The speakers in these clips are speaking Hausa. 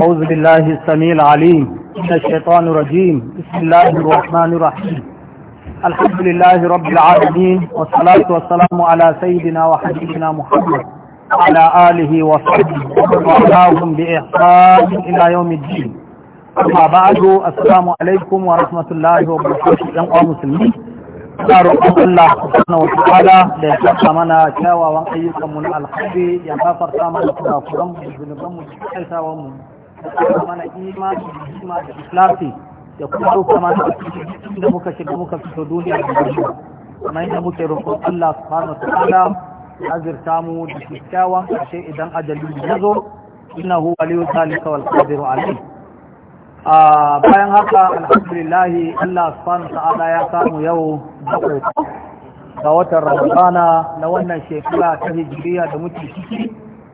أعوذ بالله السميع العليم من الشيطان الرجيم بسم الله الرحمن الرحيم الحمد لله رب العالمين والصلاة والسلام على سيدنا وحبيبنا محمد وعلى آله وصحبه وعلاهم بإحسان إلى يوم الدين أما بعد السلام عليكم ورحمة الله وبركاته جمع المسلمين na roƙon Allah subhanahu wa ta'ala da ya saka mana kyawawan ayyukan mu na alkhairi ya gafarta mana kurakuran mu da zunuban mu da kaitawan mu Kuma mana imani da hikima da ikhlasi da kuma ɗauka mana da muka shiga muka fito duniya da duniya kamar yadda muke roƙon Allah subhanahu ta'ala azirta mu da kyakkyawan ƙarshe idan ajali ya zo innahu waliyyu zalika wal qadiru alayh a bayan haka alhamdulillah Allah subhanahu ta'ala ya samu yau bakwai ga watan Ramadana na wannan shekara ta hijiriya da muke ciki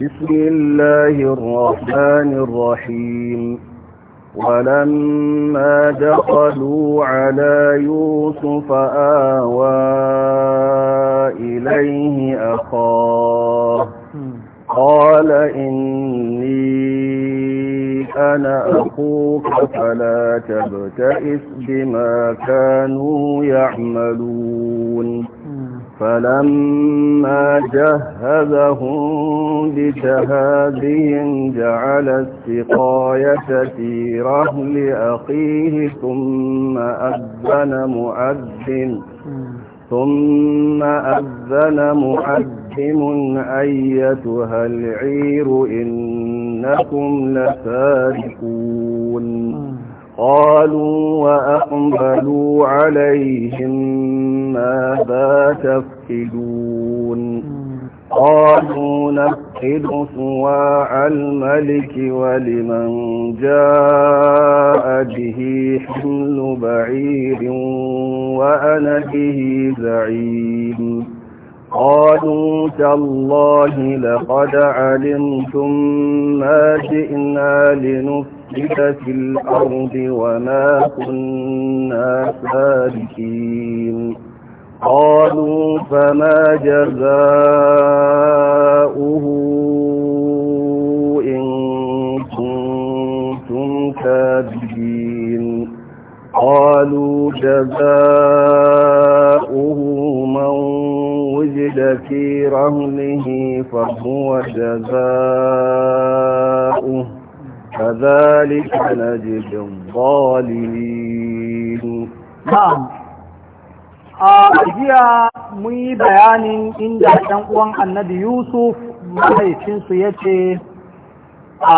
بسم الله الرحمن الرحيم ولما دخلوا على يوسف آوى إليه أخاه قال إني أنا أخوك فلا تبتئس بما كانوا يعملون فلما جهزهم بشهادهم جعل السقاية في رهل أخيه ثم أذن مؤذن ثم أذن مؤذن أيتها العير إنكم لسارقون قالوا وأقبلوا عليهم ماذا تفقدون قالوا نفقد سواع الملك ولمن جاء به حمل بعير وأنا به زعيم قالوا تالله لقد علمتم ما جئنا لنفقد نفسد في الأرض وما كنا سالكين قالوا فما جزاؤه إن كنتم كاذبين قالوا جزاؤه من وجد في رهنه فهو جزاؤه كَذَلِكَ نَجِي الظَّالِمِينَ ajiya mun yi bayanin inda ɗan uwan annabi yusuf mahaifinsu ya ce a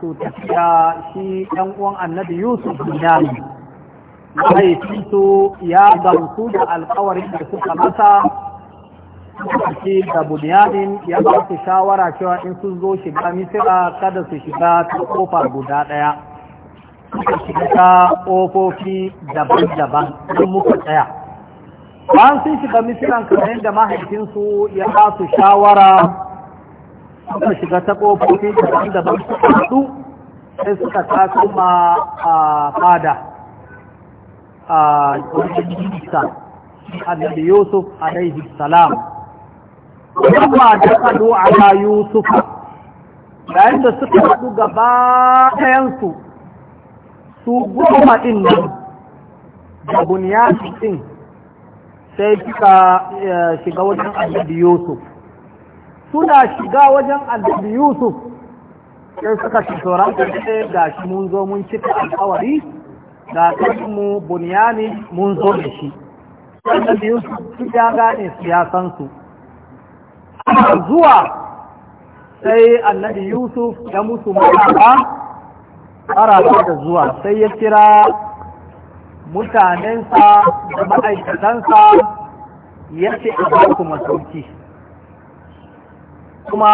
su tafiya shi ɗan uwan annabi yusuf binyami mahaifinsu ya gamsu da alkawarin da suka masa shi da bunyamin ya ba su shawara cewa in sun zo shiga misira kada su shiga ta kofa guda ɗaya suka shiga ta ƙofofi daban-daban don muka tsaya Ba sun shiga misiran kamar yadda mahaifinsu ya ba su shawara suka shiga ta ƙofofi daban-daban suka haɗu sai suka taso ma a fada a wajen annabi yusuf alaihi salam kuma da a ala yusufa yayin da suka haɗu gaba ɗayansu su goma ɗin nan da bunyasi ɗin sai suka eh, shiga wajen annabi yusuf suna shiga wajen annabi yusuf sai suka ci tsoron ƙarshe ga shi mun zo mun cika alkawari da mu bunyani mun zo da shi annabi yusuf su ya gane siyasansu zuwa sai annabi yusuf ya musu maraba karata da zuwa sai ya kira mutanensa da ma'aikatansa ya ce a ba ku masauki kuma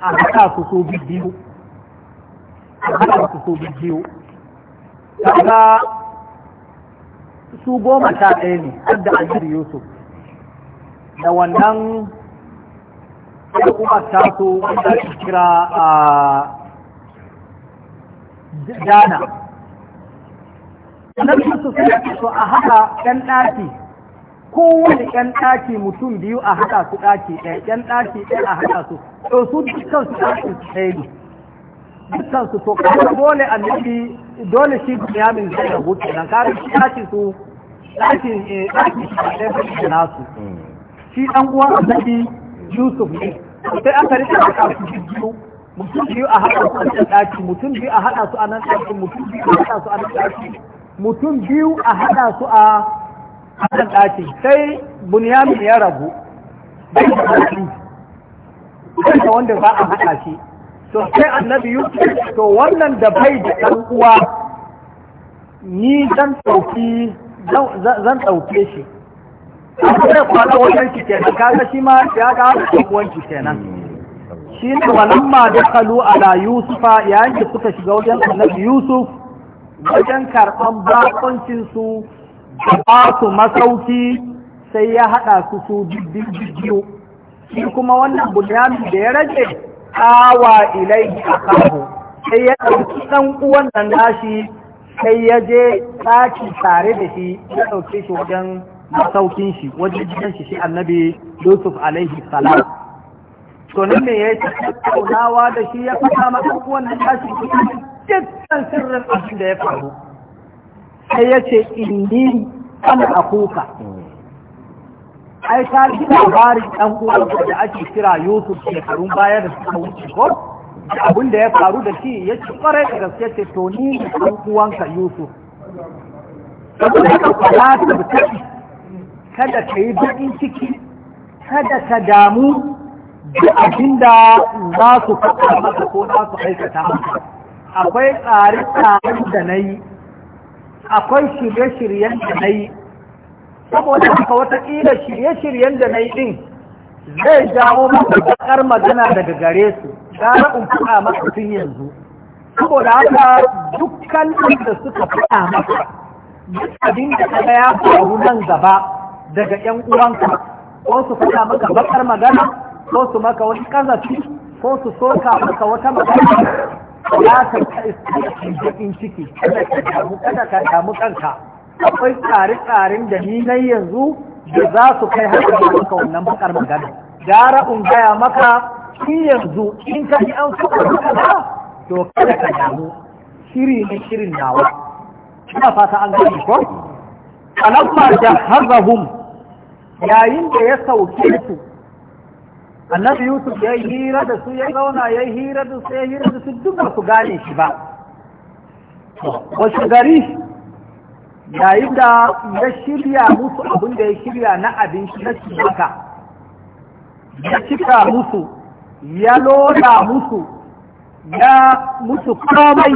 a haka su so biyu a haka su so biyu kaga su goma sha ɗaya ne har da annabi yusuf da wannan da kuma taso wanda kira a dana nan su sai su a haɗa ɗan ɗaki kowane ɗan ɗaki mutum biyu a haɗa su ɗaki ɗaya ɗan ɗaki ɗaya a haɗa su to su dukkan su ɗaki su ɗaya ne dukkan su to kuma dole annabi dole shi ya min zai rabu kenan kare shi ɗaki su ɗaki eh, ɗaki shi ɗaya su. Hmm. shi ɗan uwan annabi yusuf ne sai aka rika a kasu biyu mutum biyu a haɗa su a nan ɗaki mutum biyu a haɗa su a nan ɗaki mutum biyu a haɗa su a nan ɗaki mutum biyu a haɗa su a nan ɗaki sai bunyamin ya rabu bai da ɗaki bai da wanda za a haɗa shi to sai annabi yusuf to wannan da bai da ɗan uwa ni zan ɗauki zan ɗauke shi zai kwaɗa wajen ki kenan kaga shi ma ya ga abubuwan ki kenan hmm. shi ne ma da kalu ala yusufa yayin da suka shiga wajen annabi yusuf wajen karɓan bakoncin su da ba su masauki sai ya haɗa su su biyu shi kuma wannan bunyamin da ya rage awa ilai a kahu sai ya ɗauki ɗan uwan nan nashi sai ya je ɗaki tare da shi ya ɗauke shi wajen masaukin shi wajen jikin shi shi annabi yusuf alaihi salam to nan ne yayi tattaunawa da shi ya faɗa ma duk wannan tashi dukkan sirrin abin da ya faru sai ya ce inni an akuka ai ta ji labarin ɗan uwan da ake kira yusuf shekarun baya da suka wuce ko abin da ya faru da shi ya ci kwarai da gaske ce to ni ɗan uwanka yusuf saboda haka da ta kada ka yi baƙin ciki kada ka damu da abin da za su faɗa maka ko za su aikata maka akwai tsare-tsaren da na yi akwai shirye-shiryen da na yi saboda haka watakila shirye-shiryen da na yi ɗin zai jawo maka bakar magana daga gare su gara in faɗa maka tun yanzu saboda haka dukkan da suka faɗa maka duk abin da ya faru nan gaba daga ‘yan uwanka ko su faɗa maka bakar magana ko su maka wani kazafi ko su soka maka wata magana ya ka in ciki kada ka damu kanka akwai tsare-tsaren da ni nan yanzu da za su kai haka maka wannan bakar magana gara in gaya maka shi yanzu in ka yi an soka maka ba to kada ka damu shiri ne shirin nawa ina fata an gani ko alamma da hazahum yayin da ya sauke su annabi yusuf ya yi hira da su ya zauna ya yi hira da su ya hira da su duk ba su gane shi ba wasu gari yayin da ya shirya musu abin da ya shirya na abinci na shimaka ya cika musu ya loda musu ya musu komai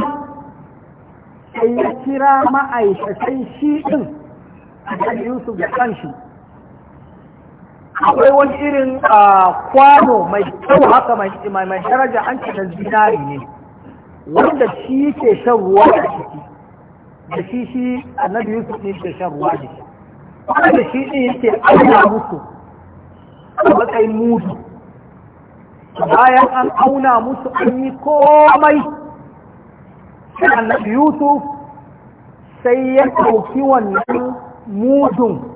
sai ya kira ma'aikatan shi ɗin a yusuf da kanshi akwai wani irin kwano mai kyau haka mai sharaja an ce da zinari ne wanda shi ke shan ruwa da ciki da shi shi annabi yusuf ne ke shan ruwa da shi. Wanda shi ne yake auna musu a matsayin mudu bayan an auna musu an yi komai sai annabi yusuf sai ya ɗauki wannan mudun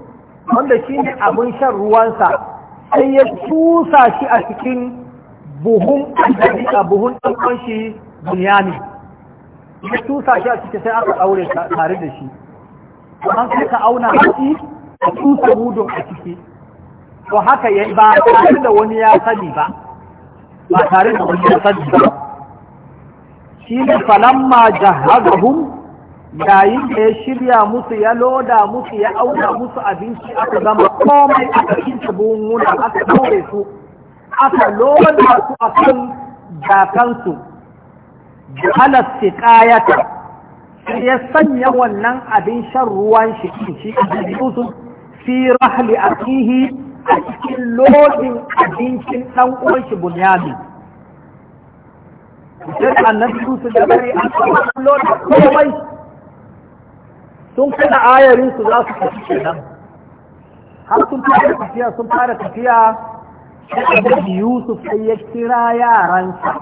wanda shi ne abin shan ruwansa sai ya tusa shi a cikin buhun a buhun ɗan shi ne ya tusa shi a cikin sai aka aure tare da shi an sai ka auna haƙi a tusa gudun a ciki to haka ya ba tare da wani ya sani ba ba tare da wani ya sani ba shi ne falamma jahadahum yayin da ya shirya musu ya loda musu ya auna musu abinci aka zama komai aka kinta buhunhuna aka daure su aka loda su a kan jakansu jahalar sikayata sai ya sanya wannan abin shan ruwan shi shi su fi rahli akihi a cikin lodin abincin ɗan uwan shi bunyami sai annabi su da bari a cikin lodin komai sun kada ayarin su za su tafi kenan har sun fara tafiya sun fara tafiya sai Yusuf sai ya kira yaransa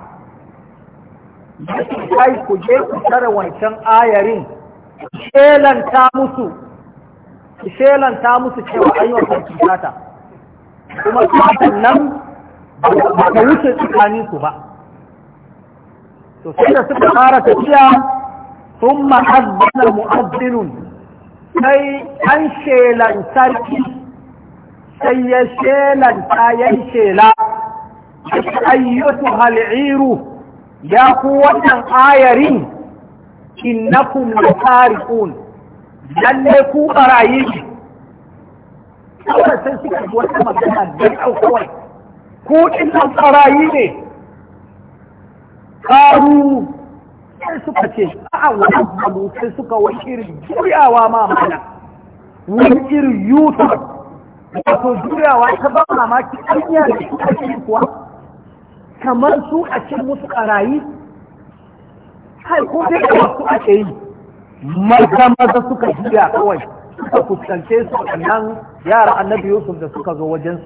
kai ku je ku tare wancan ayarin shelanta musu shelanta musu cewa an yi wasan kuma satan nan ba ta wuce tsakanin su ba to sai da suka fara tafiya sun ma'azzana mu'azzinun sai an shelan sarki sai ya shelan ya yi shela ayyutu hal'iru ya ku wannan ayarin innakum tarikun. lalle ku barayi ne kawai sai suka magana ku ɗin nan barayi ne karu sai suka ce a wa abbalu sai suka wa irin juyawa ma mana wani irin ta wato juyawa ta ba mamaki an yi da cikin kuwa kamar su a cikin musu ƙarayi kai ko dai wasu a ke yi maza maza suka juya kawai suka fuskance su nan yara annabi yusuf da suka zo wajen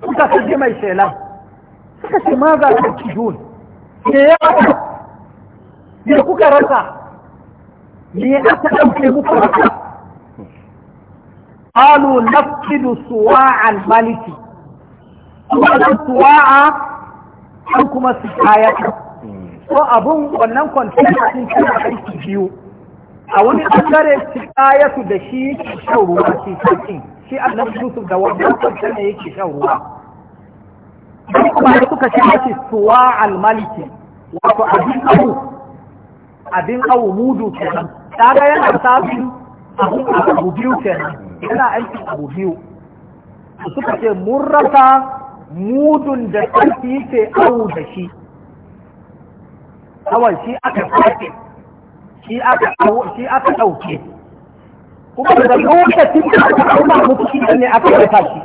su suka kaje mai shela suka ce ma za ka ci jun me kuka rasa me aka ɗauke kuka rasa suwa نفقد صواع الملك صواع حكم السكاية ko abun wannan kwantena din tana aiki biyu a wani ɓangare sikayatu da shi shan ruwa shi sarkin shi annabi yusuf da wannan kwantena yake shan ruwa don kuma suka kuka shi ake suwa almaliki wato abin abu abin awo mudu kenan kaga yana samun abu biyu kenan yana aiki abu biyu suka ce murrata mudun da sarki ke awo da shi kawai shi aka sake shi aka shi aka dauke kuma da lokacin da aka kuma muku shi ne aka yi shi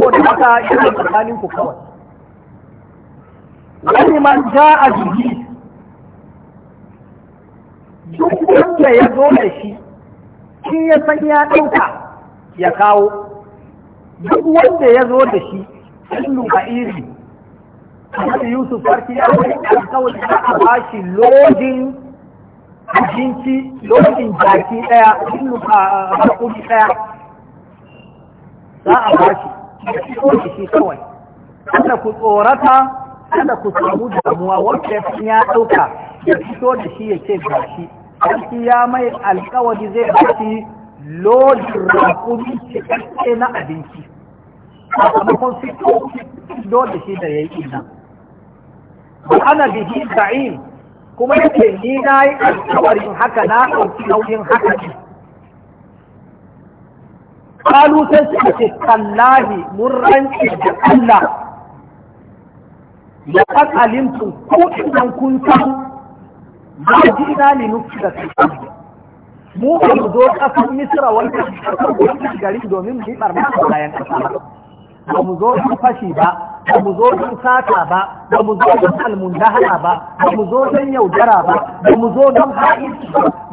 ko da haka yana tsakanin ku kawai wani man ja'a bihi duk wanda ya zo da shi shi ya san ya ɗauka ya kawo duk wanda ya zo da shi illu a kamar yusuf farki ya wani alkawari za a ba shi lodin abinci lodin jaki ɗaya illu a bakuri ɗaya za a ba shi ya fito da shi kawai kada ku tsorata kada ku samu damuwa wanda ya ɗauka ya fito da shi ya ce ga shi sarki ya mai alkawari zai ba shi lodin rakumi cikakke na abinci sakamakon fito fito da shi da ya yi ina ba ana bihi sa'in kuma ya ce ni na yi alkawarin haka na ɗauki nauyin haka ne kalu sai su ce tallahi mun rance da Allah ya kan alimtu ko idan kun san ma jina li nufsida fil ardi mu ba mu zo kasar misra wannan kasar gari domin mu yi barna a bayan kasa ba mu zo su fashi ba ba mu zo don sata ba ba mu zo don almundahana ba ba mu zo don yaudara ba ba mu zo don ha'in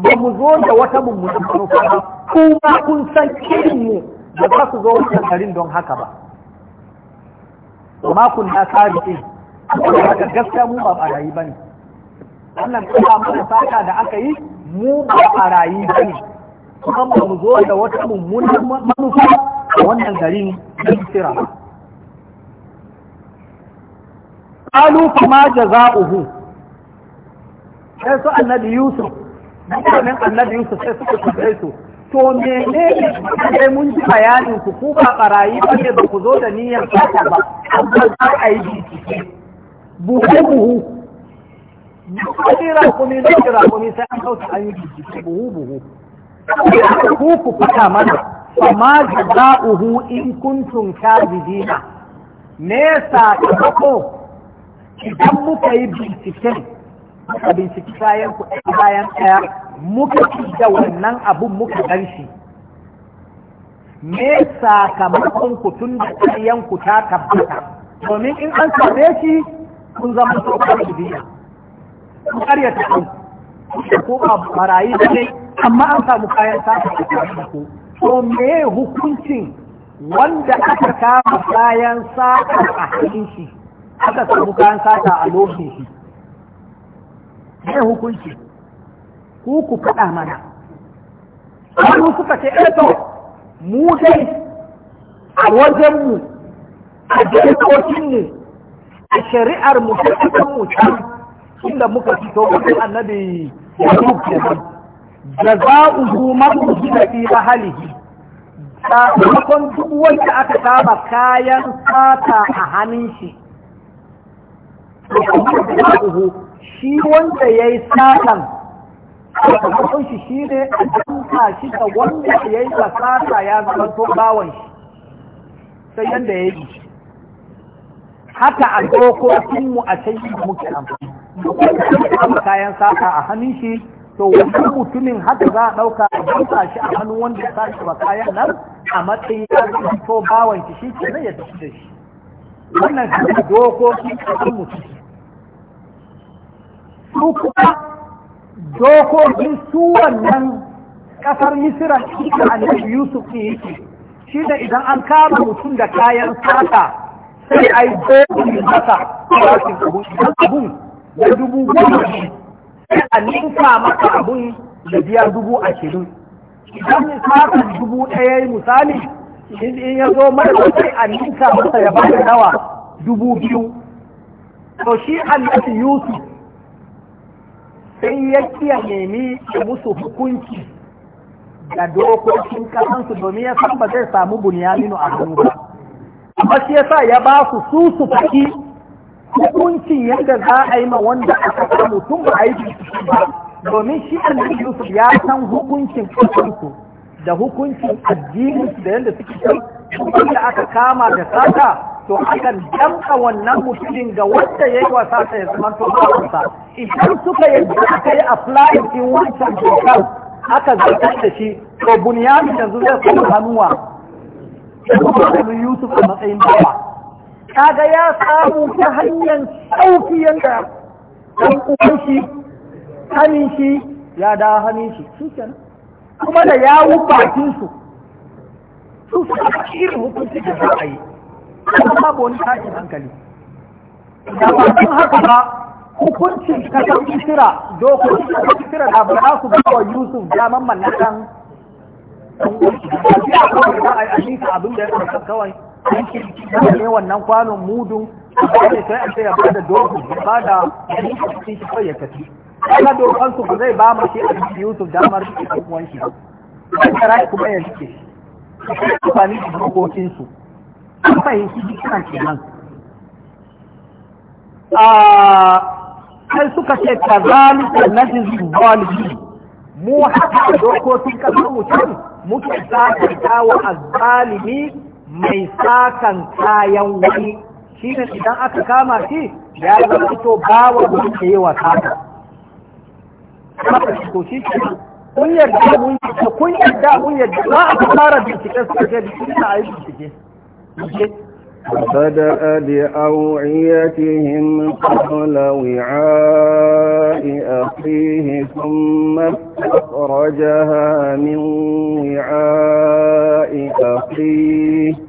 ba mu zo da wata mummunan manufa ba kuma kun san irin mu ba za ku zo wannan garin don haka ba amma kun na sabi'in gaskiya mu ba barayi ba ne wannan kuma mana saka da aka yi mu ba barayi ba ne kuma ba mu zo da wata mummunan manufa a wannan garin kira. ba. Kalu kuma uhu. sai su annabi Yusuf mutanen annabi Yusuf sai suka tambaye su to mene sai mun ji bayanin ku ku ba barayi ba ne ba ku zo da niyyar sata ba amma za a yi bincike buhu buhu wani rakumi na shi rakumi sai an kauta an yi jiki buhu buhu ku ku fata mana amma jaza'uhu in kuntum kadibina me sakamako idan muka yi binciken muka binciki kayan ku a bayan ɗaya muka ci da wannan abun muka Me shi me sakamakon ku tun da kayan ku ta tabbata domin in an same shi kun zama tsokar biya ku karyata ku ko a barayi da ne amma an samu kayan sata a tare da ku to me hukuncin wanda aka kama kayan sata a hannun shi aka samu kayan sata a lokacin shi me hukunci ku ku faɗa mana wani suka ce eh to mu dai a wajenmu a jirgin jirgokinmu a shari'ar mu ta mu can inda muka fito wajen annabi yaqub kenan jaza'uhu mabghida fi ahlihi sakamakon duk wanda aka saba kayan sata a hannun shi shi wanda ya yi satan sakamakon shi shi ne a danka shi da wanda ya yi sata ya zama to bawan shi sai yadda ya yi haka a dokokinmu a can yi muke amfani da kayan sata a hannun shi to wannan mutumin haka za a ɗauka a dauka shi a hannun wanda ya sace ba kayan nan a matsayin ya zama to bawan shi shi ke ya tafi da shi wannan shi dokokin kan mutum su kuma dokokin su wannan kasar misira shi da annabi yusuf ne yake shi da idan an kama mutum da kayan sata sai a yi dokokin masa abun Da dubu goma sai a ninka maka abun da biya dubu ashirin idan misalin dubu ɗaya yi misali in ya zo mara sai a ninka masa ya bada nawa dubu biyu to shi annabi yusuf sai ya kiya nemi ya musu hukunci da dokokin kasansu domin ya san ba zai samu bunyaminu a hannu ba amma shi yasa ya ba su su su faki hukuncin yadda za a yi ma wanda aka samu tun ba a yi bincike ba domin shi annabi Yusuf ya san hukuncin kansu da hukuncin addini da yadda suke san da aka kama da sata to akan damka wannan mutumin ga wanda ya yi wa sata ya zama to ba idan suka yadda aka yi applying in wancan dokar aka zartar da shi to bunyamin yanzu zai kuma hannuwa da kuma Yusuf a matsayin bawa kaga ya samu ta hanyar sauki yanda ɗan uwan shi hannun shi ya da hannun shi kuma da wu bakin su su suka irin hukunci da za a yi kuma ba wani tashin hankali da ba sun haka ba hukuncin kasar Misira dokokin kasar Misira da ba su ba wa Yusuf daman mannan dan uwan shi da ya kawai za a yi abin da ya kawai ne wannan kwanon mudun ba ne sai a ce ya bada dogon ba da shi kawai ya tafi ana dogon su ba zai ba mu shi a Yusuf damar shi a kuwan shi kara kuma ya rike shi amfani da dokokin su an fahimci jikinan kenan sai suka ce ka zalika najin zalimi mu haka dokokin kasar mutum muke sa ta wa azzalimi mai sakan kayan wani shi ne idan aka kama shi ya zama to bawa da suke yi wa sata maka to shi ke kun yarda mun yarda kun yarda mun yarda za a fara binciken su ga bincike a yi bincike بدأ بأوعيتهم قبل وعاء أخيه ثم استخرجها من وعاء أخيه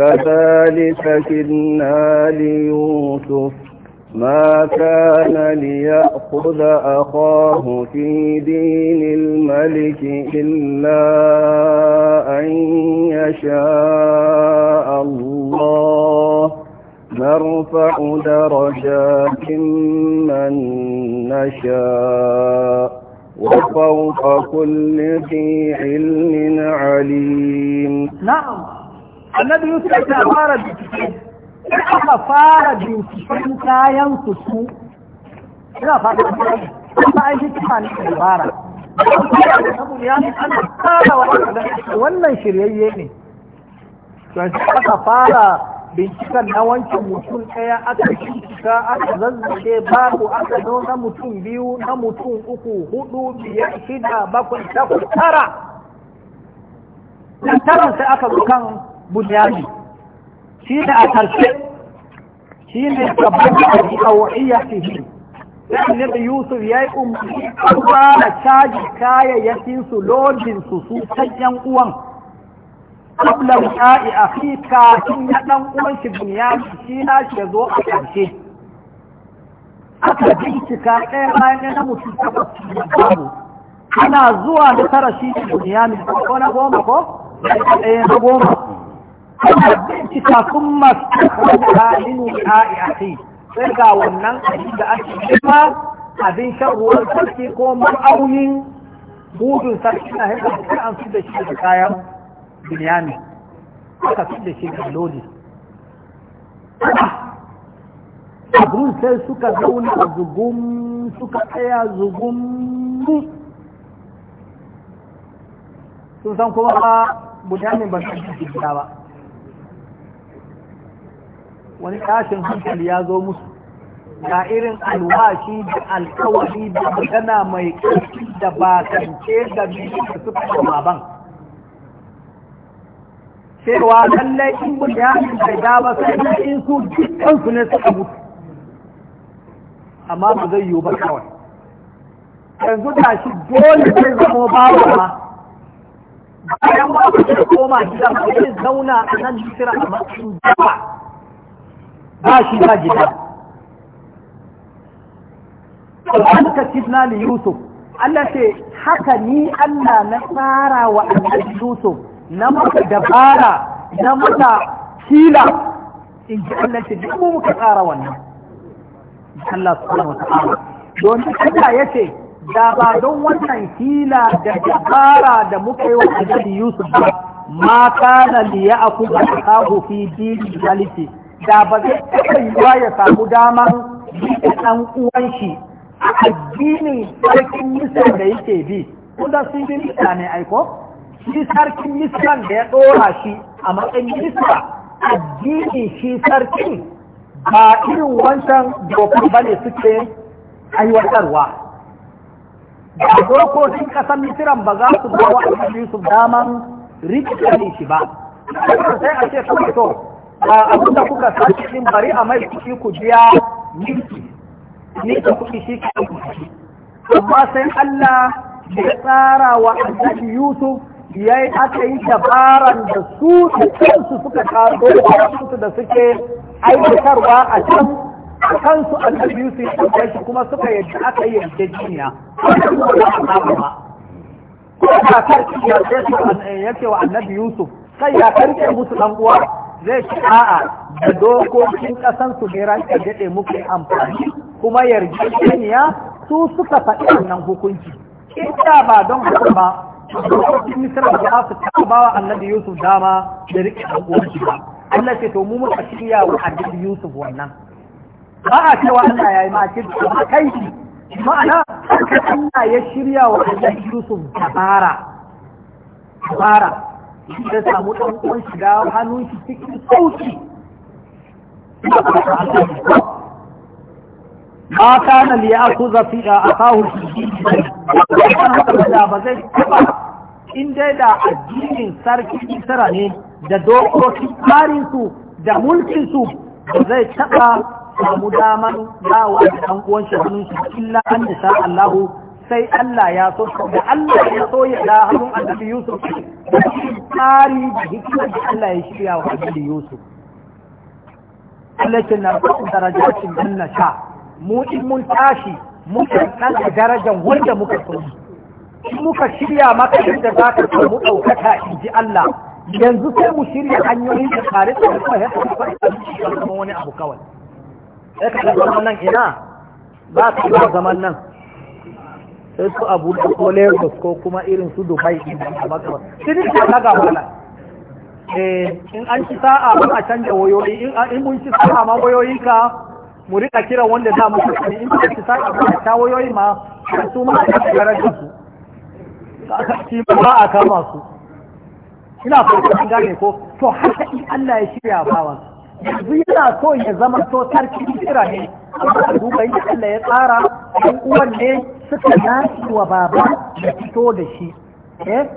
كذلك كنا ليوسف ما كان ليأخذ أخاه في دين الملك إلا أن يشاء الله نرفع درجات من نشاء وفوق كل ذي علم عليم نعم annabi yusuf ya fara bincike sai aka fara binciken kayan su su ina fata kuma ai hikima ne da bara wannan shiryayye ne to aka fara binciken na wancan mutum ɗaya aka bincika aka zazzace babu aka zo na mutum biyu na mutum uku hudu biyar shida bakwai takwas tara tara sai aka zo kan bunyani shi ne a karshe shi ne tabbata bi awiyatihi sai da Yusuf ya yi umarni an fara caji kayayyakinsu lodinsu su can uwan kablan ta'i a fi kafin na ɗan uwan shi bunyani shi na shi ya zo a ƙarshe bincika ɗaya bayan na mutum takwas babu ana zuwa da tara shi bunyani ko na goma ko kafin masu halin ya'i a kai sai ga wannan abin da ake nema abin shan ruwan sarki ko ma'aunin budun sarki na hanyar da an fi da shi da kayan binyami aka fi da shi da lodi abin sai suka zauna a zugun suka tsaya zugun sun san kuma ba mutanen ba su ba wani tashin hankali ya zo musu ga irin alwashi da alkawari da magana mai ƙarfi da bakance da da suka kama ban cewa lallai in mutu ya da ba sai in su dukkansu ne suka mutu amma ba zai yiwu ba kawai yanzu da shi dole zai zama babu ma bayan ba su koma gida ba zai zauna a nan jira a matsayin ba. ba shi ba gida ka kidna li yusuf Allah ce haka ni Allah na tsara wa annabi yusuf na maka dabara na mata hila in ji Allah ce duk muka tsara wannan Allah su subhanahu wa ta'ala don Allah ce da ba don wannan hila da dabara da muka yi wa annabi yusuf ba ma kana liya a aku ba fi dini zalisi da ba zai taɓa yiwuwa ya samu daman da ɗan uwan shi a addinin sarkin misal da yake bi kuma sun bi mutane aiko shi sarkin misal da ya ɗora shi a matsayin misra addini shi sarkin ba irin wancan dokar ba ne suke aiwatarwa da dokokin ƙasar misiran ba za su ba wa su daman rikita shi ba sai a ce kuma to abin da kuka sake cikin bari a mai kuɗi ku biya ninki ninki kuɗi shi ke kuɗi amma sai Allah ya tsara wa annabi Yusuf ya yi aka yi dabaran da su da kansu suka taso da da suke aikatarwa a can a kansu annabi Yusuf ya ɗauke shi kuma suka yadda aka yi yarjejeniya ko da kar ya ce wa annabi Yusuf kai ya karke musu dan uwa zai ci a'a da dokokin ƙasan su ne daɗe muku amfani kuma yarjejeniya su suka faɗi wannan hukunci inda ba don haka ba dokokin misira da su taɓa wa annabi yusuf dama da riƙe ɗan uwanci ba Allah ce to mu muka shirya wa annabi yusuf wannan ba a cewa Allah ya yi da kuma kai ma'ana Allah ya shirya wa annabi yusuf dabara dabara ya samu ɗan uwan shiga hannun shi cikin sauki ma kana li ya'khudha fi akahu da ba zai taba in dai da addinin sarki Isra ne da dokokin tsarin da mulkinsu ba zai taɓa samu daman dawa da ɗan uwan shi hannun shi illa an da sha Allahu sai Allah ya so da Allah ya so ya da hannun annabi Yusuf da tsari da hikima da Allah ya shirya wa annabi Yusuf Allah ce na darajatin dan na sha mu in mun tashi mun muka ɗaga darajar wanda muka so muka shirya maka inda za ka samu ɗaukaka in ji Allah yanzu sai mu shirya hanyoyin da tare da kuma ya samu wani abu kawai sai ka ga zaman nan ina ba ka zaman nan sai su abu da ko lagos ko kuma irin su dubai din da makawa sai ne ta daga wala eh in an ci sa'a ba a canja wayoyi in in mun ci sa'a ma wayoyin ka mu rika kira wanda za mu sa'a in ka ci sa'a ba ta wayoyi ma su ma a da su shi ba a kama su ina fata ga ne ko to haka in Allah ya shirya wasu yanzu yana so ya zama to tarki kira ne amma a duba yi Allah ya tsara ɗan uwan ne suka nashi wa baba da fito da shi eh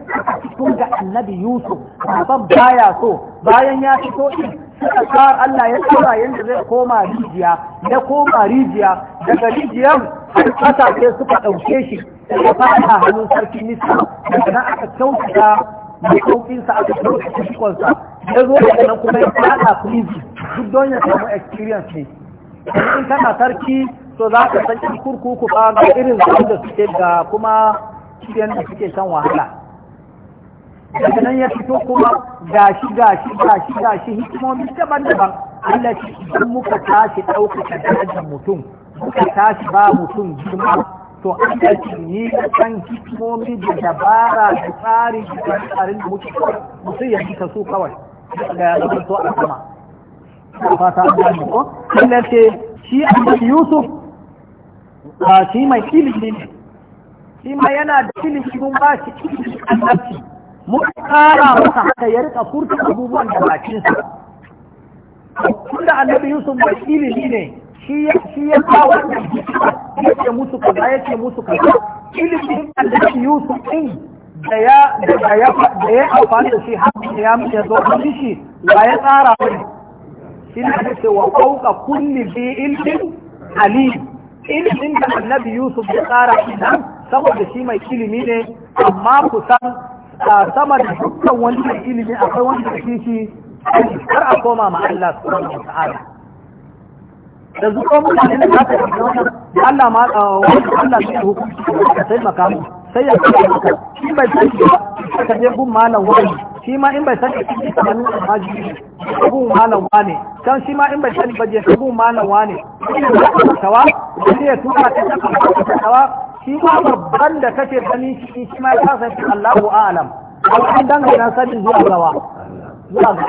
cikin ga annabi Yusuf baban baya so bayan ya fito din suka tsara Allah ya tsara yanda zai koma rijiya ya koma rijiya daga rijiyar ƙasa sai suka ɗauke shi da fata hannun sarki Misra daga nan aka kyautata da sa aka kyautata shikonsa ya zo da nan kuma ya fada prison duk don ya samu experience ne in kana sarki to za ka san kurkuku ba ga irin zuwa da suke da kuma cikin da suke shan wahala daga nan ya fito kuma gashi gashi gashi gashi hikimomi daban-daban Allah shi idan muka tashi ɗaukaka darajar mutum muka tashi ba mutum girma to Allah shi ni da san hikimomi da dabara da tsari da tsarin da muke mutum ya fita su kawai da ya zama to a sama fata an gane ko Allah ce Yusuf a shi mai ilimi ne shi ma yana da ilimi mun ba shi ilimi annabci mun kara masa haka ya rika furta abubuwan da bakinsa da annabi Yusuf mai ilimi ne shi ya shi ya kawo ya ce musu kaza ya ce musu kaza da annabi Yusuf din da ya da ya da ya amfani da shi har ya mace zo a shi ba ya tsara wani shi ne da ce wa kauka kulli bi ilmin alim ilmin da annabi yusuf ya tsara idan saboda shi mai ilimi ne amma kusan sama da dukkan wani mai ilimi akwai wanda da shi har a koma ma Allah subhanahu wa ta'ala da zuwa mutane da za ta yi wannan Allah ma Allah zai hukunci da taimaka mu sai ya kawo maka shi bai san shi ka je gun malam wani shi ma in bai san shi shi kamanin alhaji gun malam wani can shi ma in bai san ba je gun malam wani shi ya kawo tawa sai ya tuka ta tawa shi ma babban da kake gani shi shi ma ya san Allahu a'lam an dangana sanin zuwa gawa zuwa ga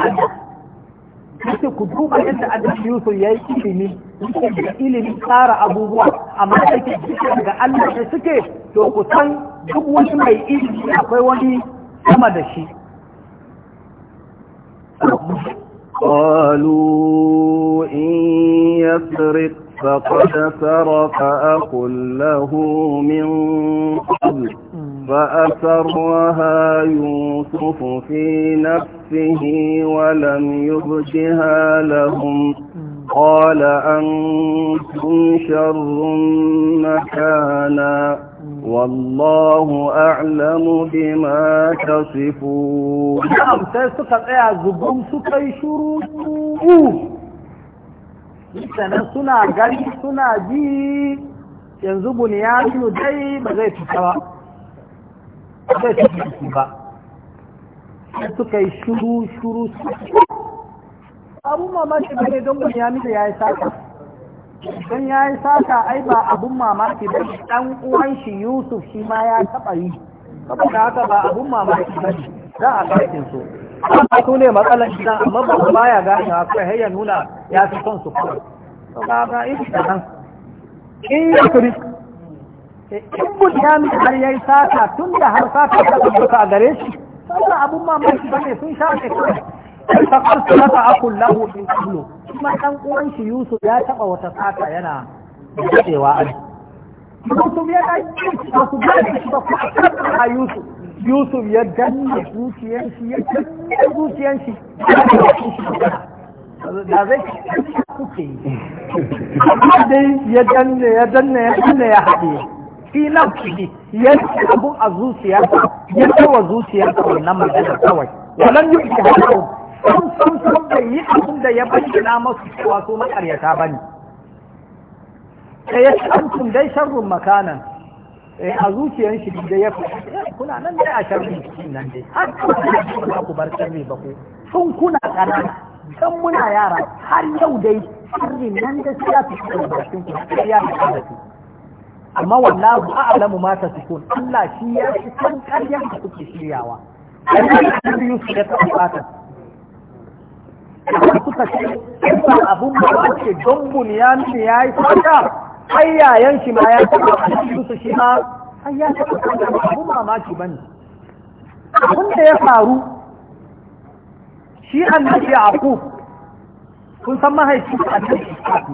kace ku duba yadda annabi Yusuf yayi ilimi da ilimi tsara abubuwa amma yake ga Allah sai suke to ku san duk wani mai ilimi akwai wani sama da shi قالوا إن يسرق فقد سرق أقل له من قبل فأسرها يوسف في نفسه ولم يبجها لهم قال أنتم شر مكانا والله أعلم بما تصفون نعم تسقط الزبون سكي شروط sannan suna gari suna ji yanzu buniyanu dai ba zai fita ba ba zai fita ba sai suka yi shuru shuru abun mamaki ba ne don ya da ya yi sata don ya yi sata ai ba abun mamaki ba dan uwan shi yusuf shi ma ya taɓa yi saboda haka ba abun mamaki ba za a bakin su su ne matsalar gidan amma ba ya gane haka ya nuna ya fi son su kawai to ba ba ta nan in eh, yi kuri in bunyami har yayi sata tun da har sata ta tabbata a gare shi sannan abun mamaki bane sun sha ne kawai fakar su mata akun lahu in kulu kuma ɗan uwan shi Yusuf ya taɓa wata sata yana a an Yusuf ya yi ba su ba su ba ku a Yusuf Yusuf ya danne zuciyar shi ya danne zuciyar shi da zai kuke yi amma dai ya danne ya danne ya danne ya haɗe fi nafsihi ya ci abun a zuciyarsa ya tawa zuciyarsa wannan magana kawai walan yi ki haɗu sun sun sun bai yi abun da ya na masu cewa su makaryata ba ne ya ci tun dai sharrun makanan eh, a zuciyar shi da ya eh, kuna nan dai a sharri nan dai har kuma ba ku bar sharri ba ku sun kuna ƙanana don muna yara har yau dai sirrin nan da siya su shi da ku ya ta da su amma wallahu a'lamu ma ta sukun Allah shi ya shi san karyar da kuke shiryawa Allah biyu su ya ta bukata suka ce ba abun ba wace don bunyan ne yayi fata ayyayan shi ma ya ta su shi ma ayyayan shi ba abun mamaki bane abun da ya faru shi annabi yaqub kun san mahaifin annabi ishaq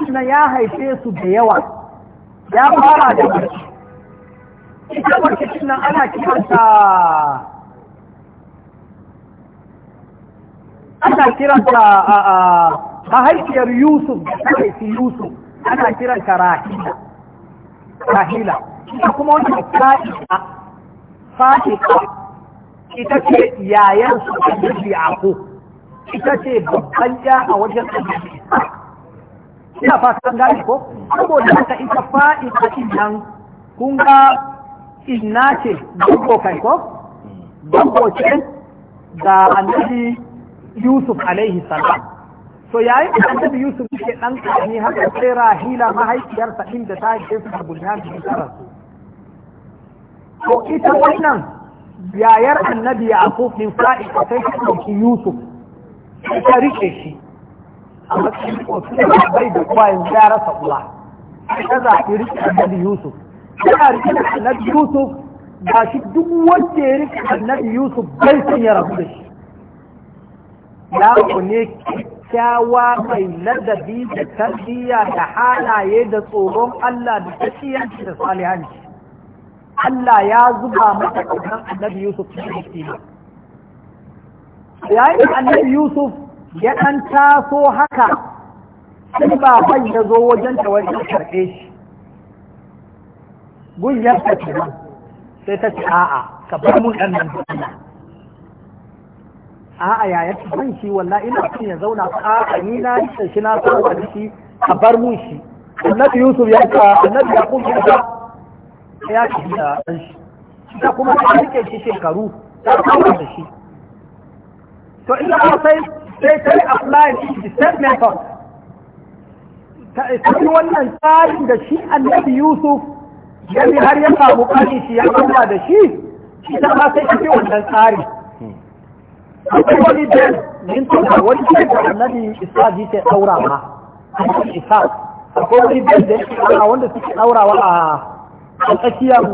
ne na ya haife su da yawa ya fara da mace ita mace nan ana kiranta ana kiranta a mahaifiyar yusuf da mahaifi yusuf ana kiranta rahila rahila ita kuma wani fa'ida fa'ida ita ce yayan su annabi yaqub ita ce babban ya a wajen annabi ina fatan gani ko saboda haka ita fa'ida din nan kun ga inna ce dabbo kai ko dabbo ce ga annabi yusuf alaihi salam to yayin da annabi yusuf ke dan karami haka sai rahila mahaifiyarsa inda ta haife su da bunyan da ta rasu to ita wannan yayar annabi ya aku din fa'i shi kai shi Yusuf ta rike shi a matsayin kotu da bai da kuwa yanzu ya rasa uwa ta zaɓi rike annabi Yusuf yana rike da annabi Yusuf ba shi duk wanda ya rike annabi Yusuf bai san ya rabu da shi ku ne kyakkyawa mai ladabi da tarbiyya da halaye da tsoron Allah da tafiyanci da salihanci Allah ya zuba mata ƙaunar annabi Yusuf cikin hikima yayin annabi Yusuf ya ɗan taso haka sai baban ya zo wajen ta wani karɓe shi gunyar ta kenan sai ta ce a'a ka bar mun ɗan nan duniya a'a yaya ban shi walla ina son ya zauna a'a ni na shi na so shi ka bar mu shi annabi Yusuf ya ce annabi Yaqub ya ya tafi da ɗan shi ita kuma ta rike shi shekaru ta kawo da shi to ina kuma sai sai ta yi apply the same method ta yi wannan tsarin da shi annabi yusuf yadda har ya samu ƙari shi ya kama da shi ita ma sai ta fi wannan tsarin. akwai wani den min tuka wani den da annabi isa ji ta ɗaura ma annabi isa akwai wani den da ya wanda suke ɗaurawa a a tsakiyar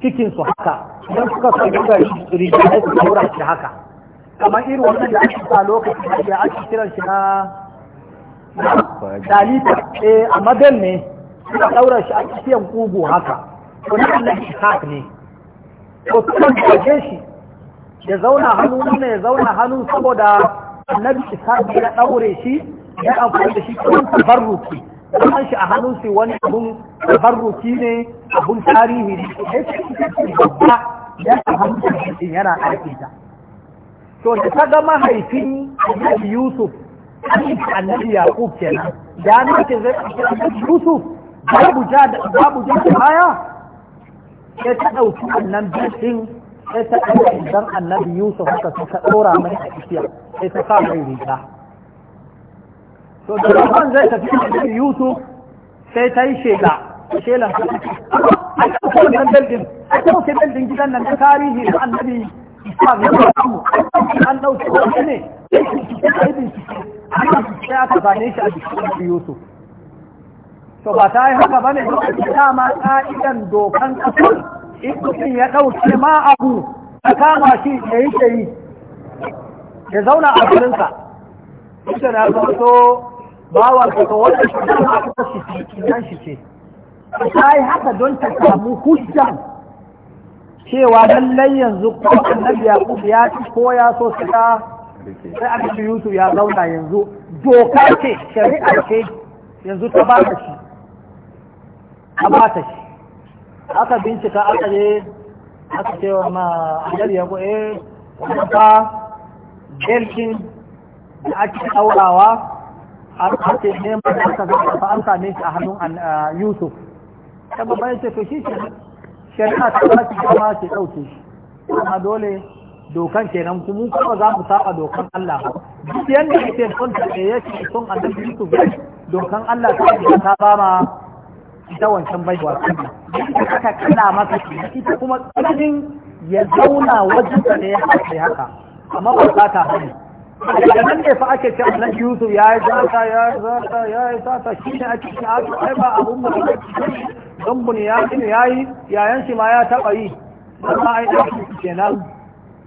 cikin su haka don suka sami ga rijiyar su daura shi haka kamar irin wannan da ake sa lokacin da ake kiran shi na dalita eh a madal ne suka daura shi a cikin kugu haka wani allah ishaq ne ko suka gaje shi ya zauna hannu ne ya zauna hannu saboda annabi ishaq ya daure shi ya amfani da shi kuma tabarruki kuma shi a hannun wani abun tabarruki ne abun tarihi ne yi babba ya ta hannun shi yana aiki ta to da ta ga mahaifin Yusuf annabi Yaqub kenan da nake zai Yusuf babu ja da babu ja da baya sai ta ɗauki annan bishin sai ta ɗauki dan annabi Yusuf haka suka tsora mai a sai ta sa mai riga to da rabon zai tafi da yusuf sai ta yi shela shelan a ɗauko wannan beldin a ɗauke beldin gidan nan na tarihi da annabi islam ya samu an ɗauke wani ne ya yi bincike sai aka zane shi a jikin yusuf to ba ta yi haka ba ne lokacin dama ka'idan dokan ƙasar. in mutum ya ɗauke ma abu ka kama shi ya yi ya zauna a gurinsa ita na zauto bawa ka ka wanda shi dama aka shi kinan shi ce ta yi haka don ta samu hujjan cewa lallai yanzu ko annabi yaqub ya ci ko ya so suka sai sai annabi yusuf ya zauna yanzu doka ce shari'a ce yanzu ta ba ta shi ta ba ta shi aka bincika aka je aka ce wa ma annabi yaqub eh wannan fa belkin da ake aurawa an neman da aka ga ba an same shi a hannun Yusuf ta babban ce to shi shari'a ta ba shi kama ce ɗauke shi amma dole dokan kenan kuma kuma za mu saba dokan Allah duk yanda yake son ta ne yake son annabi Yusuf dokan Allah ta ta ba ma ita wancan baiwa aka kala masa ita kuma tsananin ya zauna wajen da ya haka amma ba ta hannu da nan ne fa ake ce annan yusuf ya yi zata ya yi zata ya yi zata shi ne ake ce a ai ba abun shi. don bun ya yi ya yi yayan shi ma ya taɓa yi amma ai da shi kenan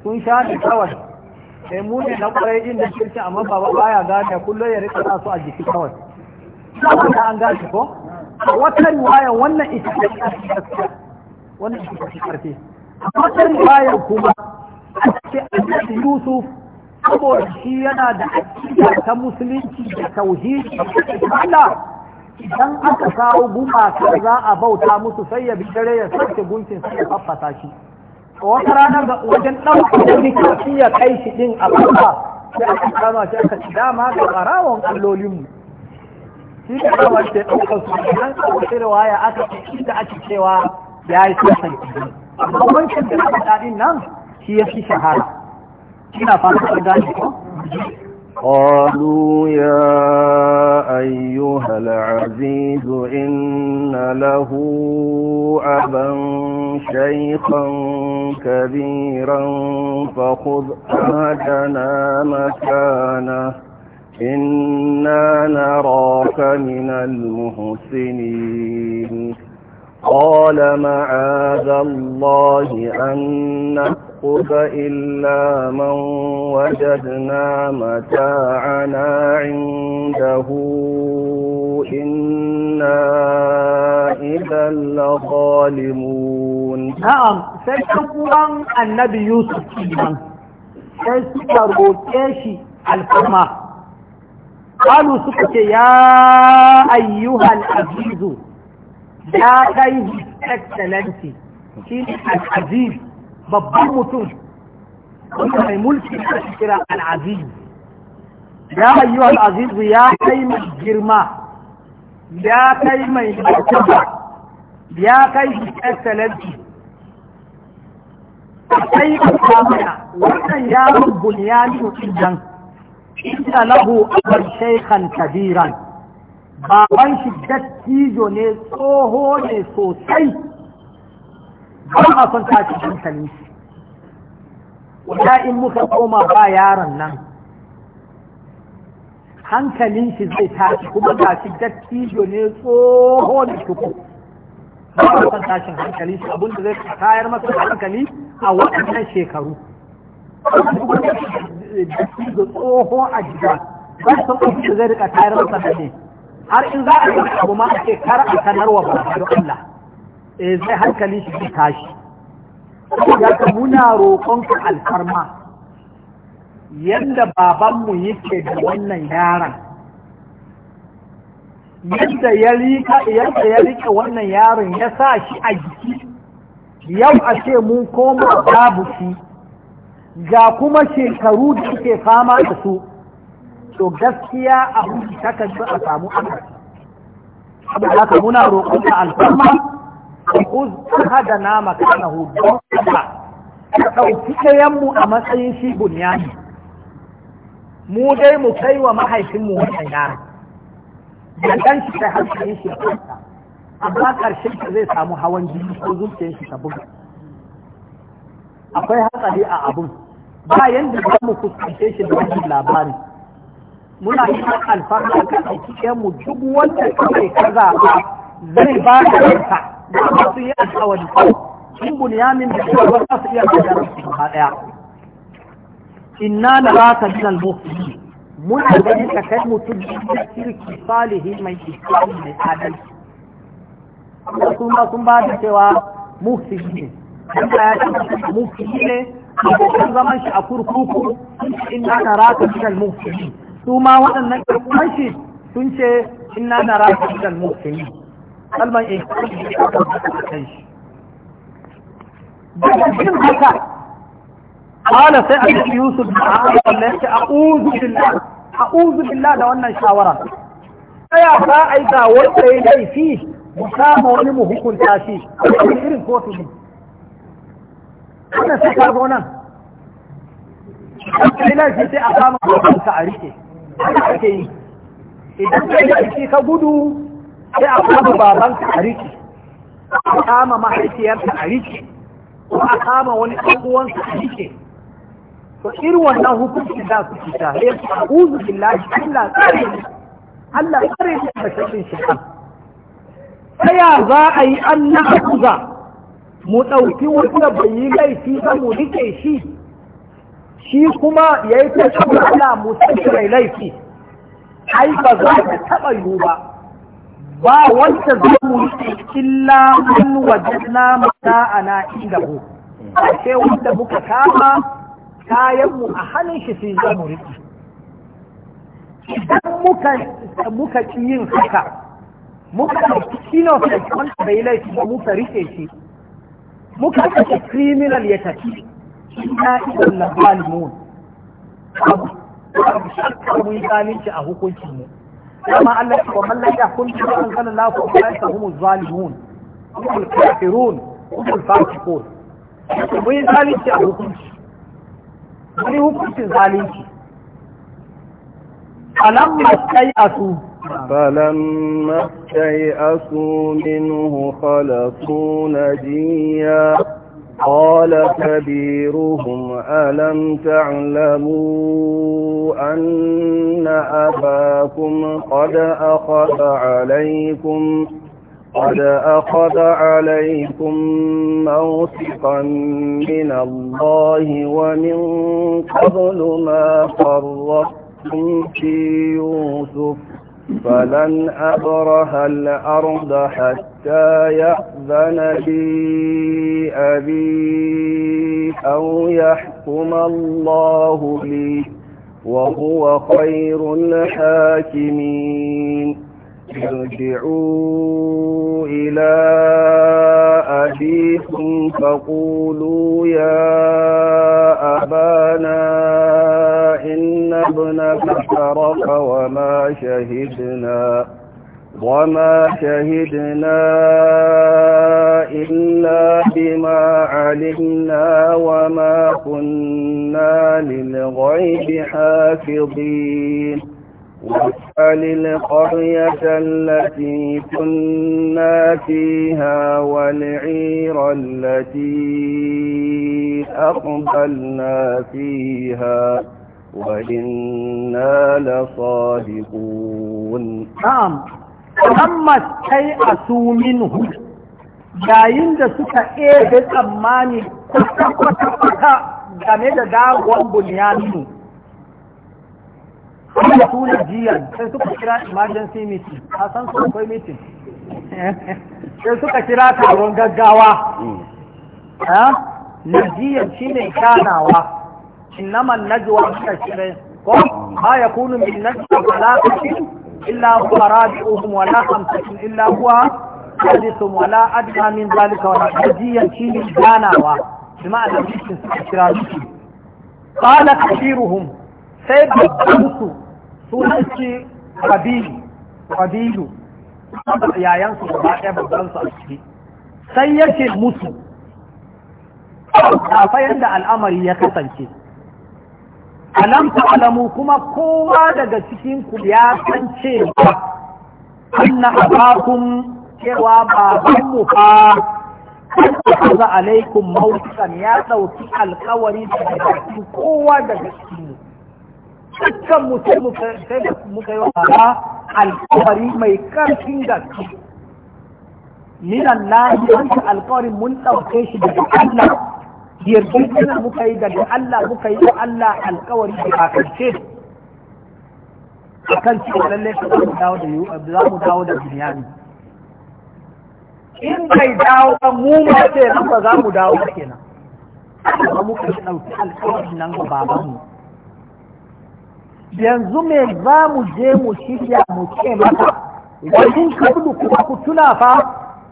sun sha ne kawai sai mu ne na kwarai din da kirki amma baba baya gane kullum ya rika sa su a jiki kawai saboda an gane ko wata riwaya wannan ita ce gaskiya wannan ita ce karfi a wata riwaya kuma a cikin annabi yusuf saboda shi yana da aƙida ta musulunci da tauhidi Allah idan aka kawo gumaka za a bauta musu sai ya bi dare ya sauke gunkin sai ya faffasa shi wata ranar wajen ɗaukar da kafin ya kai shi ɗin a babba sai aka kama shi aka ci dama ga ɓarawon allolinmu shi ne kama shi ɗaukar su nan kawo shirwa waya aka ci da ake cewa ya yi sassan kiɗi amma wancan da aka ɗaɗin nan shi ya fi shahara قالوا يا أيها العزيز إن له أبا شيخا كبيرا فخذ أهدنا مكانه إنا نراك من المحسنين قال معاذ الله أنك يأخذ إلا من وجدنا متاعنا عنده إنا إذا لظالمون نعم سيكون النبي يوسف كيما سيكون الفرما قالوا سكت يا أيها العزيز يا كيف اكسلنتي شيء العزيز babban mutum wanda mai mulki da shi kira ya ayyu al'aziz ya kai mai girma ya kai mai martaba ya kai shi excellency kai ka samuna. wannan ya ya bunyani idan inda lahu kan shaykhan kabiran baban shi dattijo ne tsoho ne sosai Kuma a son tashi hankalin shi wata in muka koma ba yaron nan hankalin shi zai tashi kuma ga shi dattijo ne tsoho da tuku ba a son tashin hankali shi da zai tayar masa hankali a waɗannan shekaru da tsoho a gida ba su zai rika tayar masa da ne har in za a yi abu ma a kar a sanarwa ba don Allah eh zai hankali shi zai tashi ka muna roƙonka alfarma yadda babanmu yake da wannan yaron yadda ya rika wannan yaron ya sa shi a jiki yau a ce mun koma babu shi ga kuma shekaru da suke fama da su to gaskiya abu takan a samu abu saboda ka muna roƙonka alfarma Ibuz hada na makana hudu ka ɗauki ɗayanmu a matsayin shi bunyani mu dai mu kai wa mahaifinmu wata yara, da ɗan shi ta hankalin shi a kanta amma ƙarshen ka zai samu hawan jini ko zuciyar shi ta buga akwai hatsari a abun ba yanda za mu shi da wani labari muna yi alfahari ka ɗauki ɗayanmu duk wanda kawai kaza zaɓa zai ba da da ba su yi alkawari in bunyamin da cewa ba za su iya kajar su ba daya inna la raka min al mun muna ganin ka kai mutum da kirki salihi mai ikhlasi mai adalci sun ba sun ba da cewa muhsinin Allah ya ce muhsinin ne abokan zaman shi a kurkuku inna na raka min al muhsinin su ma waɗannan kirkunan shi sun ce inna na raka min al muhsinin kalmar ihsani eh, ne eh, aka haka kala sai a yusuf da aka wanda yake a uzu billah a uzu billah da wannan shawara tsaya ba a yi ga wanda ya laifi mu samu wani mu hukunta shi a cikin irin kotu ne wannan sai ka zo nan kai laifi sai a kama ka a rike haka ake yi idan kai laifi ka gudu sai a kama babanka a riki a kama mahaifiyarta a riki ko a kama wani ɗan'uwanka a riki to irin wannan hukunci da su ci tare a uzu billahi Allah tsare Allah tsare ne da shakin shaitan ta ya za a yi an na akuza mu ɗauki wanda bai yi laifi ba mu rike shi shi kuma ya yi ta shi Allah mu sai laifi ai ba za ta taɓa yi ba ba wanda za mu yi illa mun wajena mata ana inda ku ashe wanda muka kama kayan mu a hannun shi sai za mu riki idan muka muka yin haka muka ɗauki kino sai wanda bai laifi ba muka riƙe shi muka ɗauki criminal ya tafi ina idan na zalimun abu shakka mun yi zalunci a hukuncin mu amma Allah ya wa man la yakun bi an kana la fa ulaika humuz zalimun humul kafirun humul fasiqun mun yi zalunci a hukunci mun yi hukuncin zalunci falamma sai'atu falamma قال كبيرهم ألم تعلموا أن أباكم قد أخذ عليكم قد أخذ عليكم موثقا من الله ومن قبل ما فرقتم في يوسف فلن أبره الأرض حتى يأذن لي أبي أو يحكم الله لي وهو خير الحاكمين ارجعوا إلى أبيكم فقولوا يا أبانا إن ابنك سرق وما شهدنا وما شهدنا إلا بما علمنا وما كنا للغيب حافظين واسأل القرية التي كنا فيها والعير التي أقبلنا فيها وإنا لصادقون نعم فلما شيء منه yayin da suka ebe tsammani kwata-kwata game da dagon wanda su ne jiyan sai suka kira emergency meeting a san su akwai meeting sai suka kira taron gaggawa najiyan shi ne ganawa innaman najwa suka kira ko ma ya kunu min najwa talatin illa huwa rabi'uhum wa la khamsatin illa huwa hadithum wa la adna min zalika wa najiyan shi ne ganawa bima annabiyyin suka kira shi qala kathiruhum sai babbansu sunan shi kabilu kabilu su ba ɗaya su a ciki sai ce musu kafa yadda al'amari ya kasance alam alamu kuma kowa daga cikin ku ya san cewa anna abakum cewa babanmu fa Allah alaikum mawtikan ya ɗauki alkawari daga kowa daga cikin dukkan mu muka yi wa alkawari mai karfin gaske minan lahi wanda alkawarin mun ɗauke shi daga Allah yarjejina muka yi daga Allah muka yi wa Allah alkawari da kakance a kan cikin lalle ka za mu dawo da yiwu za mu dawo da duniyari. in bai dawo ba mu ma sai ba za mu dawo kenan ba muka ɗauki alkawarin nan ga babanmu yanzu me za mu je mu shirya mu ce maka wajen kablu kuma ku tuna fa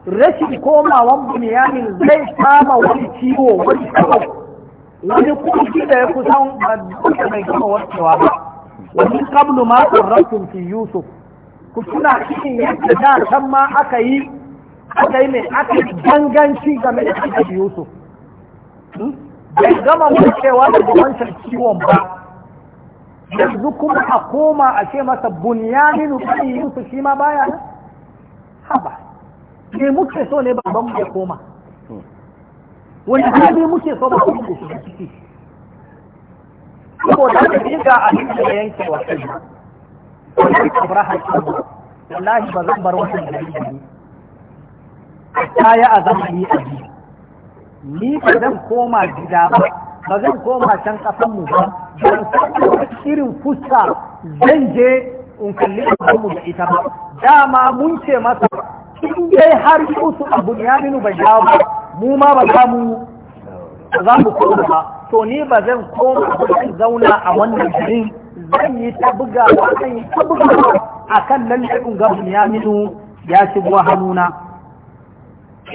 rashin komawan buniyamin zai kama wani ciwo wani kawo wani kuki da ya kusan ba mai gama warkewa ba wajen kablu ma rafin fi yusuf ku tuna cikin yadda da san ma aka yi aka yi mai aka yi ganganci game da cikin yusuf hmm? bai gama warkewa da wancan ciwon ba yanzu kuma a koma a ce masa bunyamin ɗan yusuf shi ma baya nan haba ne muke so ne baban mu ya koma wani hali muke so ba mu da ciki Ko da diga a cikin yanke wa kai wani kabraha wallahi ba zan bar wannan ne. ta yi a zamani a biyu ni ka zan koma gida ba ba zan koma can kasan mu ba ban san irin fuska zan je in kalli mu da ita ba dama mun ce masa in dai har musu abu ya minu ba jawo ba mu ma ba za mu za mu koma ba to ni ba zan koma ba zan zauna a wannan garin zan yi ta buga ba zan yi ta buga a kan lalle in ga ya minu ya shigo hannuna